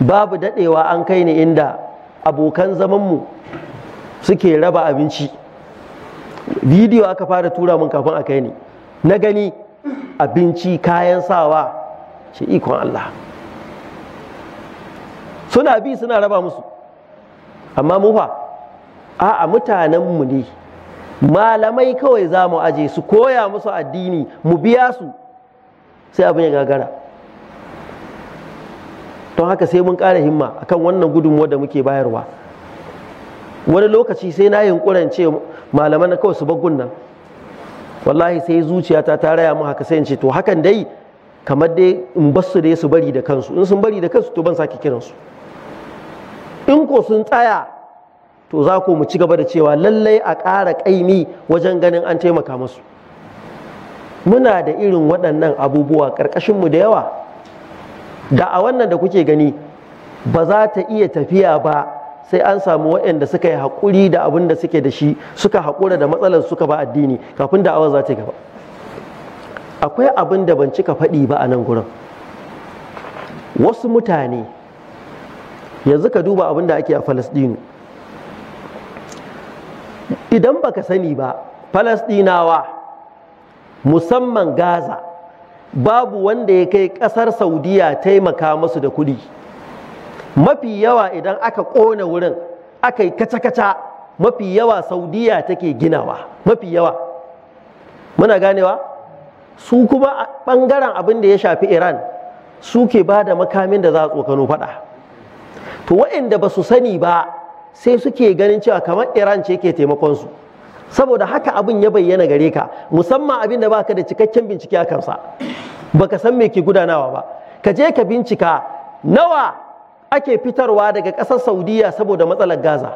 babu daɗewa an kai ni inda abokan zamanmu suke raba abinci bidiyo aka fara tura mun kafin a kai ni na gani abinci kayan sawa shi ikon Allah suna bi suna raba musu amma mu fa 'a mutanen mu ne malamai kawai za mu aje su koya musu addini mu biya su sai abin ya gagara don haka sai mun ƙara himma akan wannan gudunmuwa da muke bayarwa wani lokaci sai na yunkuran ce malaman na kawai su bagun nan wallahi sai zuciyata ta raya mu haka sai in ce to hakan dai kamar dai in basu dai su bari da kansu in sun bari da kansu to ban sake kiransu in ko sun tsaya to za ku mu ci gaba da cewa lallai a ƙara ƙaimi wajen ganin an taimaka musu muna da irin waɗannan abubuwa ƙarƙashin mu da yawa da a wannan da kuke gani ba za ta iya tafiya ba sai an samu waɗanda suka yi haƙuri da abin da suke da shi suka haƙura da matsalar suka ba addini kafin da'awar za ta gaba akwai abin da ban cika faɗi ba a nan gurin wasu mutane yanzu ka duba abin da ake a falasdinu idan baka sani ba falasdinawa musamman gaza babu wanda ya kai ƙasar saudiya taimaka masu da kuɗi mafi yawa idan aka ƙona wurin aka yi kaca-kaca mafi yawa saudiya take ginawa mafi yawa muna ganewa su kuma a ɓangaren abin da ya shafi iran suke ba da makamin da za a tsokano faɗa to waɗanda ba su sani ba sai suke ganin cewa kamar iran ce ke taimakonsu saboda haka abin ya bayyana gare ka musamman abin da baka da cikakken bincike a kansa baka san me ke gudanawa ba ka je ka bincika nawa ake fitarwa daga ƙasar saudiya saboda matsalar gaza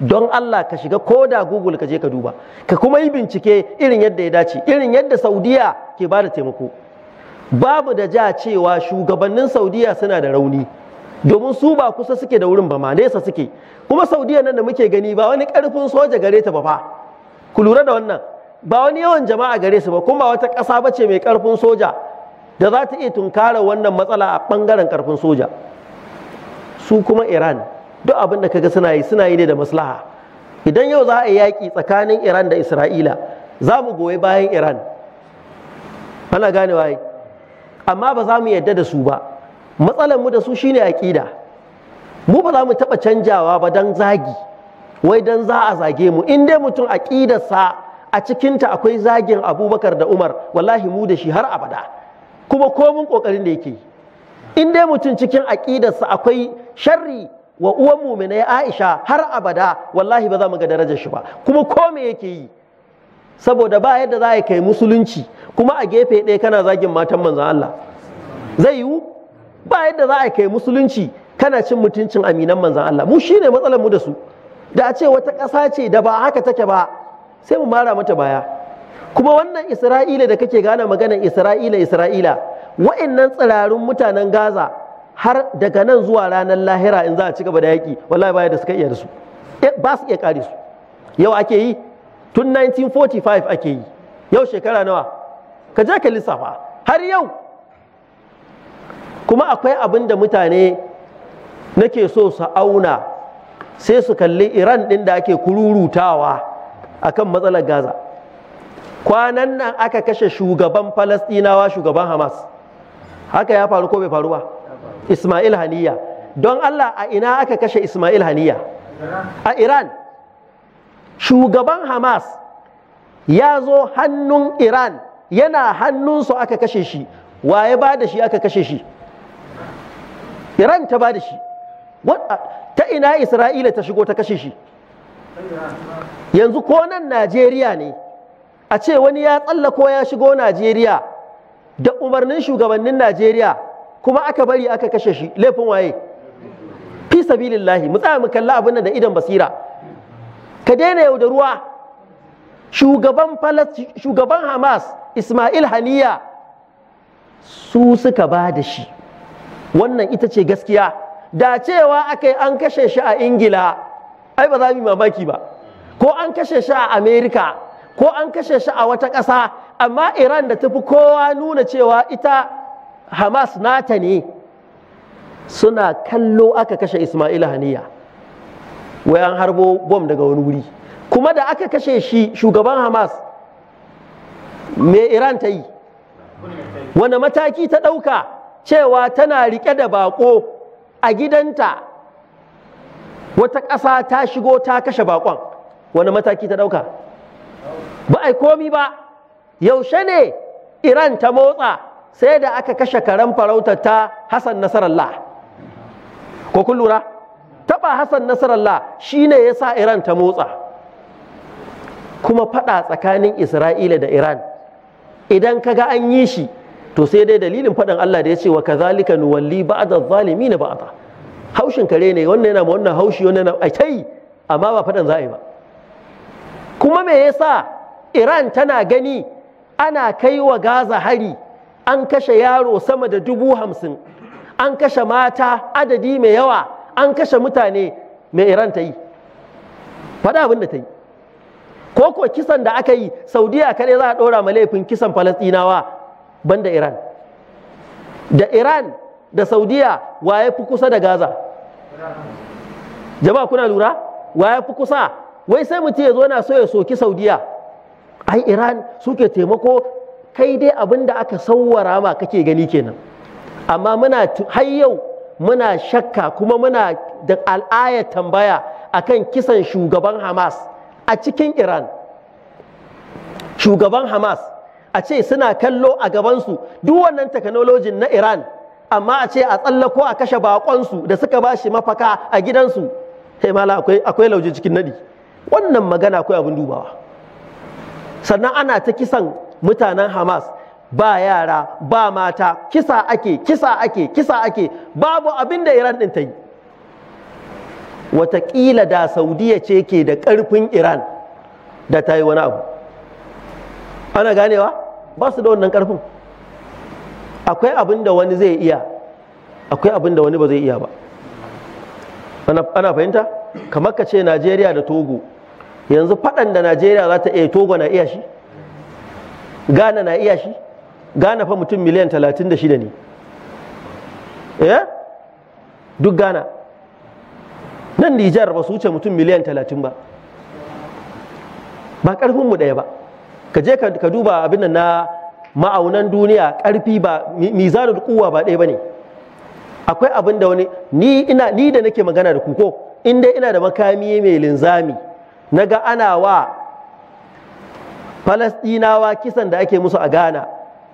don allah ka shiga ko da google ka je ka duba ka kuma yi bincike irin yadda ya dace irin yadda saudiya ke ba da taimako babu da ja cewa shugabannin saudiya suna da rauni domin su ba kusa suke da wurin ba ma nesa suke kuma saudiya nan da muke gani ba wani karfin soja gare ta ba fa ku lura da wannan ba wani yawan jama'a gare su ba kuma wata ƙasa ba ce mai karfin soja da za ta iya tunkara wannan matsala a ɓangaren karfin soja su kuma iran duk abin da kaga suna yi suna yi ne da maslaha idan yau za a yi yaƙi tsakanin iran da isra'ila za mu goyi bayan iran ana ganewa yi amma ba za mu yadda da su ba matsalar mu da su shine aƙida mu ba za mu taɓa canjawa ba don zagi wai don za a zage mu in dai mutum aƙidarsa a cikinta akwai zagin abubakar da umar wallahi mu da shi har abada kuma komin ƙoƙarin da yake yi in dai mutum cikin aƙidarsa akwai sharri wa uwan muminai Aisha har abada wallahi ba za mu ga darajar shi ba kuma ko me yake yi saboda ba yadda za a kai musulunci kuma a gefe ɗaya kana zagin matan manzon Allah zai yiwu ba yadda za a kai musulunci kana cin mutuncin aminan manzan Allah mu shine matsalar mu da su da a ce wata ƙasa ce da ba haka take ba sai mu mara mata baya kuma wannan Isra'ila da kake gane maganar Isra'ila Isra'ila wa'annan tsirarun mutanen Gaza har daga nan zuwa ranar lahira in za a ci gaba da yaƙi wallahi baya da suka iya da su eh, ba su iya kare su yau ake yi tun 1945 ake yi yau shekara nawa ka je ka lissafa har yau kuma akwai abin da mutane nake so su auna sai su kalli iran ɗin da ake kururutawa a kan matsalar gaza kwanan nan aka kashe shugaban Falasɗinawa, shugaban hamas haka ya faru ko bai faru ba Ismail Haniya don Allah a ina aka kashe Ismail Haniya a Iran shugaban Hamas ya zo hannun Iran yana hannunsu aka kashe shi waye ba da shi aka kashe shi Iran ta ba da shi ta ina Isra'ila ta shigo ta kashe shi yanzu ko nan Najeriya ne a ce wani ya tsallako ya shigo Najeriya da umarnin shugabannin Najeriya kuma aka bari aka kashe shi laifin waye fi sabilillahi mu tsaya mu kalla abin da idan basira ka daina yau da ruwa shugaban shugaban Hamas Ismail Haniya su suka ba da shi wannan ita ce gaskiya da cewa aka an kashe shi a Ingila ai ba za mu mamaki ba ko an kashe shi a Amerika ko an kashe shi a wata ƙasa amma iran da ta fi kowa nuna cewa ita hamas nata ne suna kallo aka kashe ismail haniya wai an harbo bom daga wani wuri kuma da aka kashe shi shugaban hamas me iran ta yi wani mataki ta ɗauka cewa tana riƙe da baƙo a gidanta wata ƙasa ta shigo ta kashe baƙon wani mataki ta ɗauka ba yi komi ba yaushe ne iran ta motsa sai da aka kashe karen farautar ta hassan nasarallah ko kun lura taɓa hassan nasarallah shine ya sa iran ta motsa kuma faɗa tsakanin isra'ila da iran idan kaga an yi shi to sai dai dalilin faɗin allah da ya ce wa kazalika nuwalli ba'da zalimi na ba'da haushin kare ne wannan yana wannan haushi wannan yana a kai amma ba fadan za yi ba kuma me yasa iran tana gani ana kai wa gaza hari an kashe yaro sama da dubu hamsin an kashe mata adadi mai yawa an kashe mutane mai iran ta yi faɗa abin da ta yi ko ko kisan da aka yi saudiya kaɗai za a ɗora ma laifin kisan falastinawa banda iran da iran da saudiya waye fi kusa da gaza jama'a kuna lura waye fi kusa wai sai mutum ya zo na so ya soki saudiya ai iran suke taimako kai dai abin da aka sauwara ma kake gani kenan amma muna har yau muna shakka kuma muna da al'ayar tambaya akan kisan shugaban hamas a cikin iran shugaban hamas a ce suna kallo a gabansu duk wannan takanolojin na iran amma a ce a tsallako a kashe bakonsu da suka ba shi mafaka a gidansu kai mala akwai lauje cikin nadi wannan magana akwai abin dubawa sannan ana ta kisan mutanen hamas ba yara ba mata kisa ake kisa ake kisa ake babu abin da iran ɗin ta yi wataƙila da saudiya ce ke da ƙarfin iran da ta yi wani abu ana ganewa ba su da wannan ƙarfin akwai abin da wani zai iya akwai abin da wani ba zai iya ba ana fahimta kamar ka ce najeriya da togo yanzu faɗan da najeriya za ta iya togo na iya shi ghana na iya shi ghana fa mutum miliyan 36 ne eh duk ghana nan nijar ba su wuce mutum miliyan 30 ba ba ƙarfinmu ɗaya ba ka je ka duba abin nan na ma'aunan duniya ƙarfi ba mizanin kuwa ba ɗaya ba ne akwai abin da wani ni da nake magana da ku ko in dai ina da makami mai linzami na ga ana wa falastinawa kisan da ake musu a ghana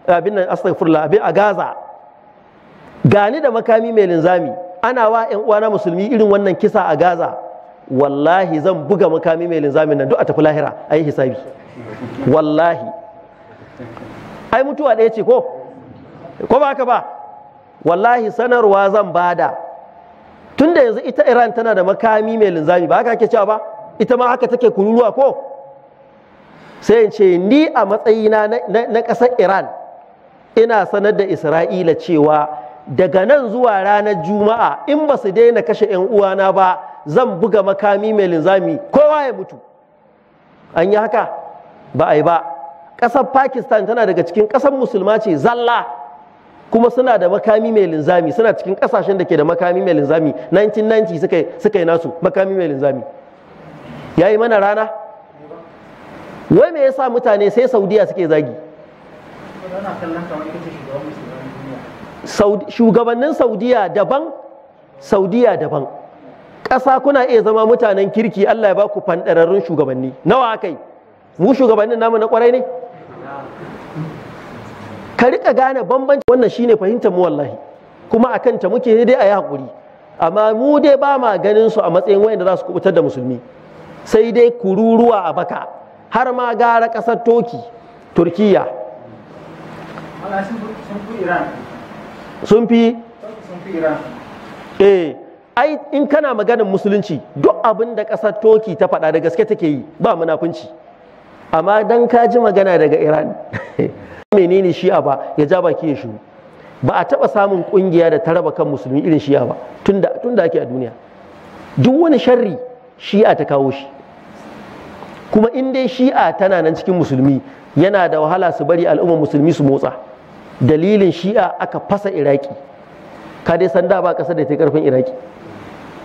abin nan astagfirullah abin a gaza gani da makami mai linzami ana wa 'yan uwana musulmi irin wannan kisa a gaza wallahi zan buga makami mai linzamin nan duk a tafi lahira a yi hisabi wallahi ai mutuwa ɗaya ce ko ko ba haka ba wallahi sanarwa zan bada tunda yanzu ita iran tana da makami mai linzami ba haka ake cewa ba ita ma haka take kururuwa ko sai in ce ni a matsayina na ƙasar iran ina sanar da isra'ila cewa daga nan zuwa ranar juma'a in ba su daina kashe 'yan uwana ba zan buga makami mai linzami kowa ya mutu an yi haka ba a yi ba ƙasar pakistan tana daga cikin ƙasar musulma ce zalla kuma suna da makami mai linzami suna cikin ƙasashen da ke da makami mai linzami 1990 suka yi nasu makami mai linzami ya yi mana rana wai me yasa mutane sai saudiya suke zagi shugabannin saudiya daban saudiya daban ƙasa kuna iya zama mutanen kirki allah ya ba ku fanɗararrun shugabanni nawa aka yi mu shugabannin namu na kwarai ne ka riƙa gane bambanci wannan shine fahimtar mu wallahi kuma a kanta muke dai a yi haƙuri amma mu dai ba ma ganin su a matsayin wayanda za su kubutar da musulmi sai dai kururuwa a baka har ma gara ƙasar toki turkiya sun fi eh ai in kana maganin musulunci duk abin da ƙasar toki ta faɗa da gaske take yi ba munafunci amma dan ka ji magana daga iran menene shi'a ba ya ja baki ya shiru ba a taɓa samun ƙungiya da ta raba kan musulmi irin shi'a ba tun da ake a duniya duk wani sharri shi'a ta kawo shi kuma in dai shi'a tana nan cikin musulmi yana da wahala su bari al'ummar musulmi su motsa dalilin shi'a aka fasa iraki ka dai san ba kasar da ta karfin iraki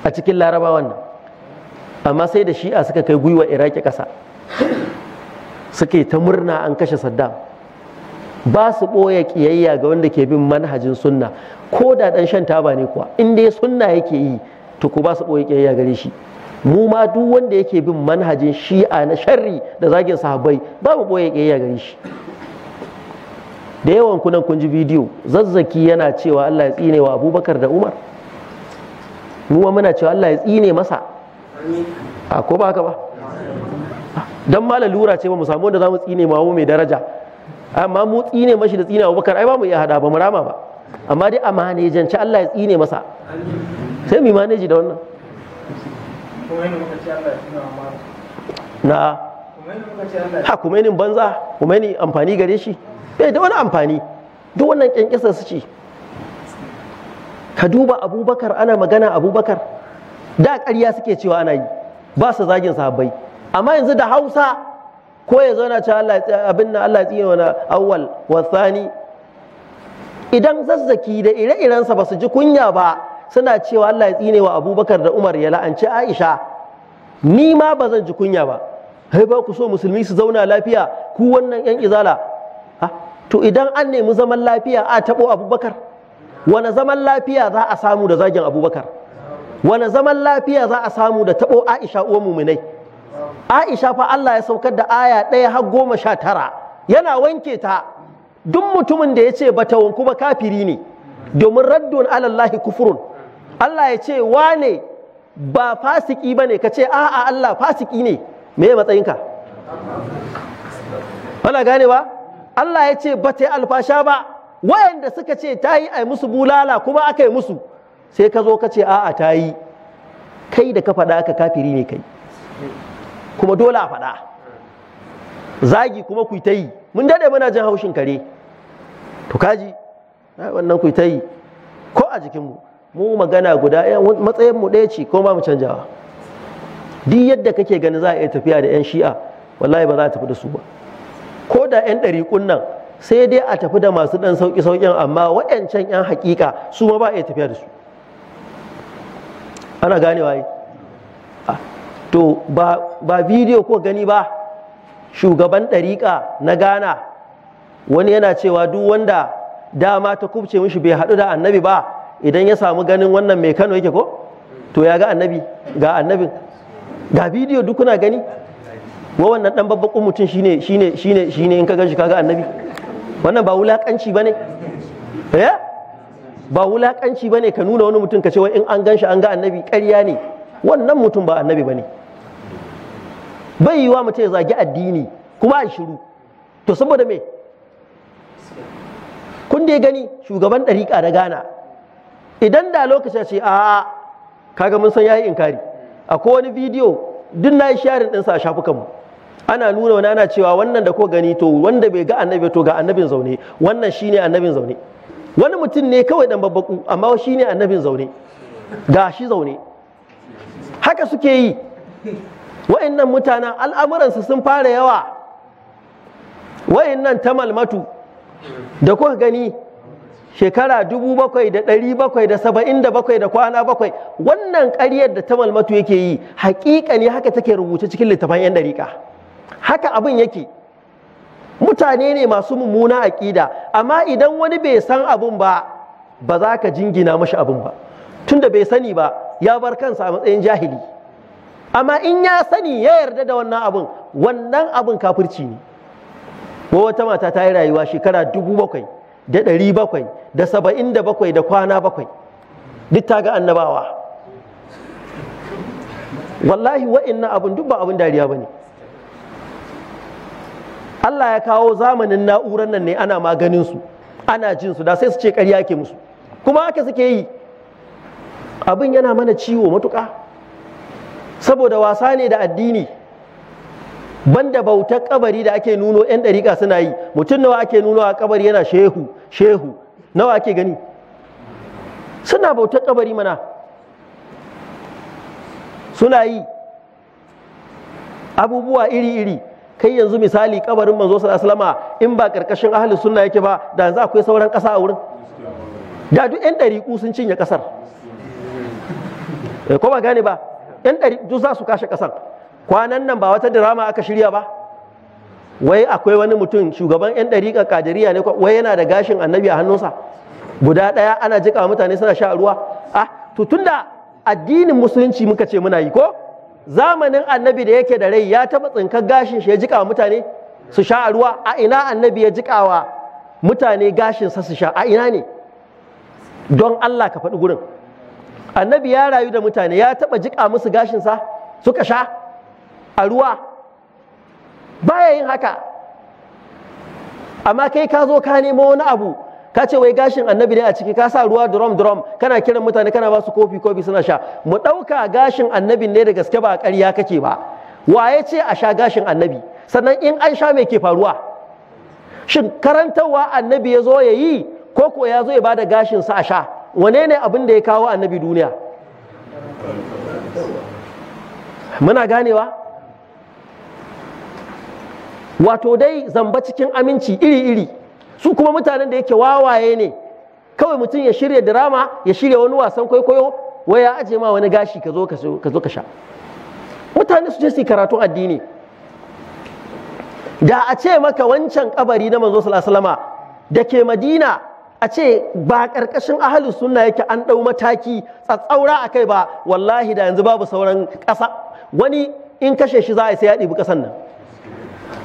a cikin larabawan nan amma sai da shi'a suka kai gwiwa iraki kasa suke ta murna an kashe saddam ba su ɓoye ƙiyayya ga wanda ke bin manhajin sunna ko da ɗan shan taba ne kuwa in dai sunna yake yi to ku ba su ɓoye ƙiyayya gare shi mu ma duk wanda yake bin manhajin shi'a na sharri da zagin sahabbai ba mu boye ƙiyayya gare shi da yawan kunan kun ji bidiyo zazzaki yana cewa Allah ya tsine wa Abubakar da Umar mu ma muna cewa Allah ya tsine masa a ko ba haka ba dan ma lura ce ba mu samu wanda zamu tsine ma mu mai daraja amma mu tsine mashi da tsine Abubakar ai ba mu iya hada ba mu rama ba amma dai a manejance Allah ya tsine masa sai mu maneji da wannan na ha kumainin banza kumainin amfani gare shi bai da wani amfani duk wannan kyankyasa su ce ka duba abubakar ana magana abubakar da ƙarya suke cewa ana yi ba su zagin sahabbai amma yanzu da hausa ko ya zauna ce abin na Allah tsiye wani awwal wasani idan zazzaki da ire-irensa ba su ji kunya ba suna cewa Allah ya tsine wa Abubakar da Umar ya la'anci Aisha ni ma ba zan ji kunya ba hai ba ku so musulmi su zauna lafiya ku wannan yan izala to idan an nemi zaman lafiya a tabo Abubakar wani zaman lafiya za a samu da zagin Abubakar wani zaman lafiya za a samu da tabo Aisha uwan muminai Aisha fa Allah ya saukar da aya ɗaya har goma sha tara yana wanke ta duk mutumin da ya ce bata wanku ba kafiri ne domin raddun alallahi kufurun Allah ya ce wane ba fasiki bane ka ce a'a Allah fasiki ne me matsayinka ana gane ba Allah ya ce ba ta yi alfasha ba wayanda suka ce ta yi a musu bulala kuma aka yi musu sai ka zo ka ce a'a ta yi kai da ka faɗa ka kafiri ne kai kuma dole a faɗa zagi kuma ku ta yi mun daɗe muna jin haushin kare to kaji wannan ku ta yi ko a jikinmu mu magana guda ɗaya matsayin mu ɗaya ce ko ba mu canjawa duk yadda kake gani za a iya tafiya da 'yan shi'a wallahi ba za a tafi da su ba ko da 'yan ɗariƙun nan sai dai a tafi da masu ɗan sauƙi sauƙin amma waɗancan 'yan haƙiƙa su ma ba a iya tafiya da su ana ganewa yi to ba bidiyo ko gani ba shugaban ɗariƙa na gana wani yana cewa duk wanda dama ta kubce mishi bai haɗu da annabi ba idan ya samu ganin wannan mai Kano yake ko to ya ga annabi ga annabin ga bidiyo duk kuna gani wa wannan dan babbaƙun mutum shine shine shine shine in ka ganshi kaga annabi wannan ba wulakanci bane eh ba wulakanci bane ka nuna wani mutum ka ce wai in an ganshi an ga annabi ƙarya ne wannan mutum ba annabi bane bai yiwa mutum ya zagi addini kuma a shiru to saboda me kun dai gani shugaban ɗariƙa da Ghana idan da lokacin ce a kaga mun san yayi inkari akwai wani bidiyo duk na yi sharin ɗinsa a mu. ana nuna wani ana cewa wannan da ko gani to wanda bai ga annabi to ga annabin zaune wannan shine annabin zaune wani mutum ne kawai dan babbaku amma shine annabin zaune ga shi zaune haka suke yi wa'annan mutanen al'amuransu sun fara yawa wa'annan ta malmatu da kuka gani shekara dubu bakwai da ɗari bakwai da saba'in da bakwai da kwana bakwai wannan ƙaryar da ta malmatu yake yi hakika ne haka take rubuce cikin littafan 'yan ɗariƙa haka abin yake mutane ne masu mummuna aƙida amma idan wani bai san abin ba ba za ka jingina mashi abin ba tunda bai sani ba ya bar kansa a matsayin jahili amma in ya sani ya yarda da wannan abin wannan abin kafirci ne wata mata ta yi rayuwa shekara dubu bakwai da ɗari bakwai da saba'in da bakwai da kwana bakwai duk ta ga annabawa wallahi wa'innan abin duk ba abin dariya ba ne Allah ya kawo zamanin na'urar nan ne ana maganin su ana jin da sai su ce ƙarya ke musu kuma haka suke yi abin yana mana ciwo matuka. saboda wasa ne da addini banda bautar kabari da ake nuno 'yan ɗariƙa suna yi mutum nawa ake nuno a kabari yana shehu shehu nawa ake gani suna bautar kabari mana suna yi abubuwa iri-iri kai yanzu misali kabarin manzo sallama in ba karkashin ahli sunna yake ba da yanzu akwai sauran ƙasa a wurin da duk yan ɗariƙu sun cinye ƙasar eh, ko ba gane ba yan ɗariƙu za su kashe ƙasar kwanan nan ba wata drama aka shirya ba wai akwai wani mutum shugaban 'yan ɗariƙar kadiriya ne wai yana da gashin annabi a hannunsa guda ɗaya ana jika mutane suna sha ruwa ah to tunda addinin musulunci muka ce muna yi ko zamanin annabi da yake da rai ya taɓa tsinkar gashin shi ya jika mutane su sha ruwa a ina annabi ya jika wa mutane gashin sa su sha a ina ne don Allah ka faɗi gurin annabi ya rayu da mutane ya taɓa jika musu gashin sa suka sha a ruwa baya yin haka amma kai ka zo ka nemo wani abu ka ce wai gashin annabi ne a ciki ka sa ruwa drum drum kana kiran mutane kana ba su kofi kofi suna sha mu ɗauka gashin annabi ne da gaske ba ƙarya kake ba waye ce a sha gashin annabi sannan in an sha me ke faruwa shin karantarwa annabi ya zo ya yi ko ko ya zo ya bada gashin sa a sha wane ne abin da ya kawo annabi duniya muna ganewa wato dai zamba cikin aminci iri-iri su kuma mutanen da yake wawaye ne kawai mutum ya shirya drama ya shirya wani wasan kwaikwayo wai ya aje ma wani gashi ka zo ka sha mutane su je su karatun addini da a ce maka wancan kabari na manzo salasalama da ke madina a ce ba karkashin ahalus sunna yake an dau mataki tsatsaura a kai ba wallahi da yanzu babu sauran ƙasa wani in kashe shi za a sai ya ɗibi ƙasan nan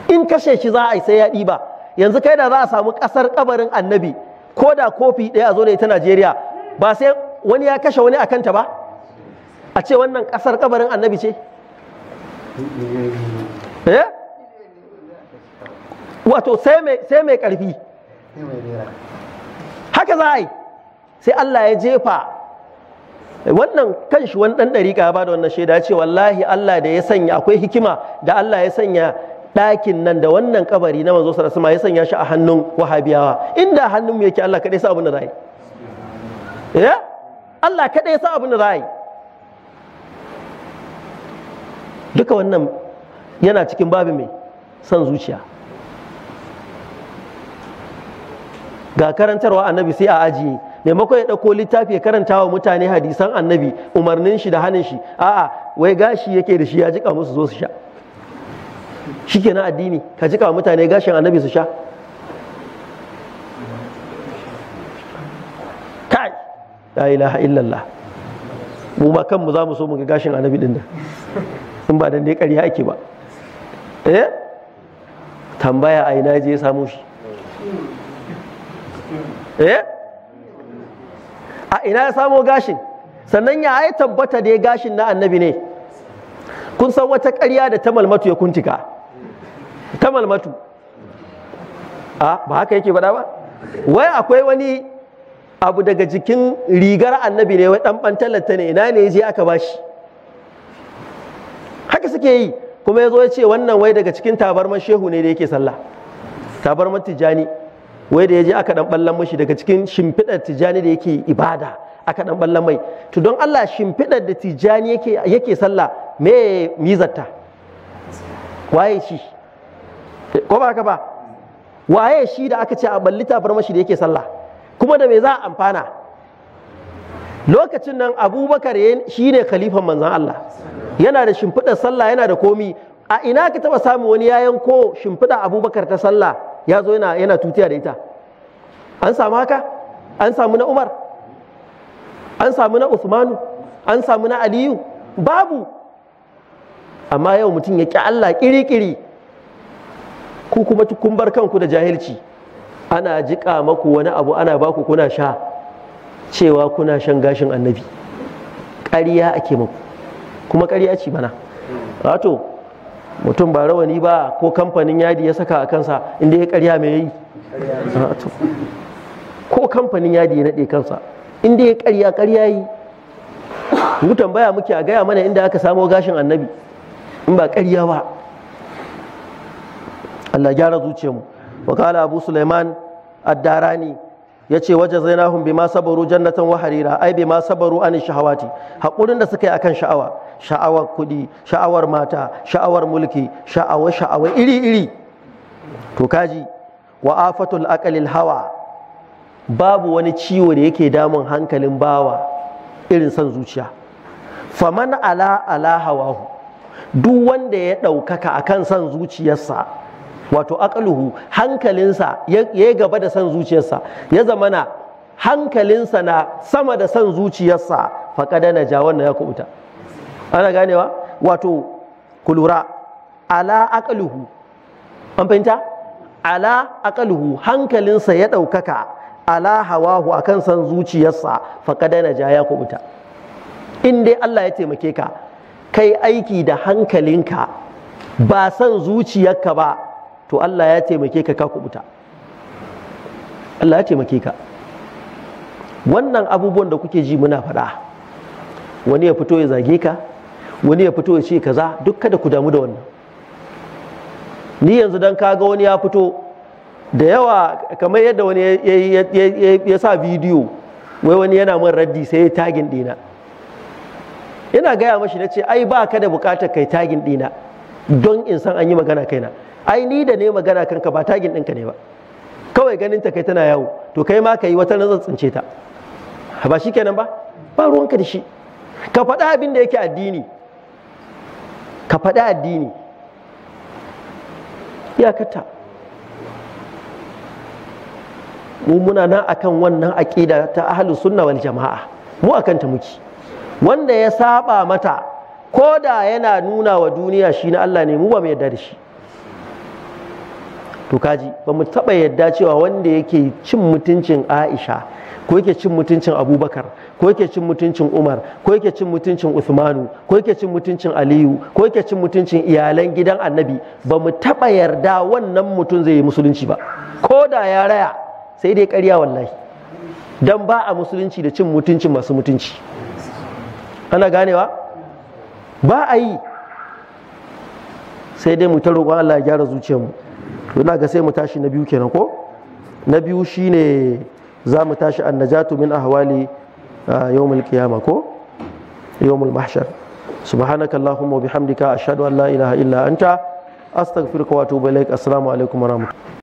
in kashe shi za a yi sai ya ɗiba yanzu kai da za a samu ƙasar kabarin annabi ko da kofi ɗaya a zo da ita najeriya ba sai wani ya kashe wani a kanta ba a ce wannan ƙasar kabarin annabi ce eh? wato sai mai ƙarfi haka za a yi sai Allah ya jefa wannan kanshi wani ɗan ɗariƙa ya ba da wannan shaida ce wallahi Allah da ya sanya akwai hikima da Allah ya sanya ɗakin nan da wannan kabari na manzo sallallahu alaihi ya sanya shi a hannun wahabiyawa inda hannun yake Allah kadai sa abin da zai ya Allah kadai sa abin da zai duka wannan yana cikin babu mai son zuciya ga karantarwa annabi sai a ajiye maimakon ya ɗauko littafi ya karanta wa mutane hadisan annabi umarnin shi da hannun shi a'a wai gashi yake da shi ya jika musu zo su sha shikenan addini ka jika mutane gashin annabi su sha kai la ilaha illallah mu ma kanmu za mu so mu ga gashin annabi din nan in ba dan dai ƙarya ake ba eh tambaya a ina je ya samu shi eh a ina ya samo gashin sannan ya ai tabbata da ya gashin na annabi ne kun san wata ƙarya da ta malmatu ya kuntika ta malmatu a ba haka yake bada ba wai akwai wani abu daga jikin rigar annabi ne wai dan bantalata ne ina ne je aka bashi haka suke yi kuma ya zo ya ce wannan wai daga cikin tabarman shehu ne da yake sallah tabarman Tijani, wai da ya aka dan ballan mashi daga cikin shimfiɗar Tijani da yake ibada aka dan ballan mai to don Allah shimfiɗar da Tijani yake yake sallah me mizarta waye shi ko ba haka ba waye shi da aka ce a balli tabarma mashi da yake sallah kuma da me za a amfana lokacin nan abubakar shi ne khalifan manzan Allah yana da shimfiɗar sallah yana da komi a ina ka taɓa samun wani yayan ko shimfiɗa abubakar ta sallah ya zo yana tutiya da ita an samu haka an samu na umar an samu na usmanu an samu na aliyu babu amma yau mutum ya ƙi Allah ƙiri-ƙiri ku kuma kun bar kanku da jahilci ana jiƙa maku wani abu ana baku kuna sha cewa kuna shan gashin annabi ƙarya ake maku kuma ƙarya ce mana wato mutum ba rawani ba ko kamfanin yadi ya saka a kansa inda ya ƙarya mai yi ko kamfanin yadi ya naɗe kansa inda ya ƙarya ƙarya yi mu tambaya muke a gaya mana inda aka samo gashin annabi in ba ƙarya ba Allah gyara zuciyarmu mu kala Abu Sulaiman ad-Darani yace wajazainahum bima sabaru jannatan wa harira ai bima sabaru an shahawati hakurin da suka yi akan sha'awa sha'awar kudi sha'awar mata sha'awar mulki sha'awar sha'awar iri iri to kaji wa afatul aqalil hawa babu wani ciwo da yake damun hankalin bawa irin san zuciya faman ala ala hawahu duk wanda ya ɗaukaka akan san zuciyarsa wato akaluhu hankalinsa ya yi gaba da san zuciyarsa ya zamana hankalinsa na sama da san zuciyarsa na ja wannan ya kubuta ana ganewa wato kulura ala akaluhu an fahimta ala akaluhu hankalinsa ya ɗaukaka ala hawahu akan san zuciyarsa na ja ya kubuta in dai Allah ya taimake ka kai aiki da hankalinka ba san zuciyarka ba to Allah ya taimake ka ka kubuta Allah ya taimake ka wannan abubuwan da kuke ji muna faɗa wani ya fito ya zage ka wani ya fito ya ce kaza duk kada ku damu da wannan ni yanzu dan kaga wani ya fito da yawa kamar yadda wani ya sa bidiyo wai wani yana min raddi sai ya tagin dina ina gaya mashi na ce ai ba ka da bukatar kai tagin dina don in san an yi magana kaina ai ni da ne magana kanka ba tagin ɗinka ne ba kawai ganin ta kai tana yawo to kai ma ka yi wata nazar tsince ta ba shi kenan ba ba ruwanka da shi ka faɗa abin da yake addini ka faɗa addini Iyakata mu muna nan akan wannan aƙida ta ahlus sunna wal jama'a mu akan ta muke wanda ya saba mata ko da yana nuna wa duniya shi na Allah ne mu ba mu yarda da shi to kaji ba mu taɓa yadda cewa wanda yake cin mutuncin aisha ko yake cin mutuncin abubakar ko yake cin mutuncin umar ko yake cin mutuncin usmanu ko yake cin mutuncin aliyu ko yake cin mutuncin iyalan gidan annabi ba mu taɓa yarda wannan mutum zai yi musulunci ba ko da ya raya sai dai karya wallahi don ba a musulunci da cin mutuncin masu mutunci ana ganewa ba a yi sai dai mu ta roƙon allah ya gyara zuciyarmu yana ga sai mu tashi na biyu kenan ko na biyu shine za mu tashi annajatu min ahwali ah, yawmul qiyamah ko yawmul mahshar subhanaka allahumma wa bihamdika ashhadu an la ilaha illa anta astaghfiruka wa atubu ilaik assalamu alaikum wa rahmatullahi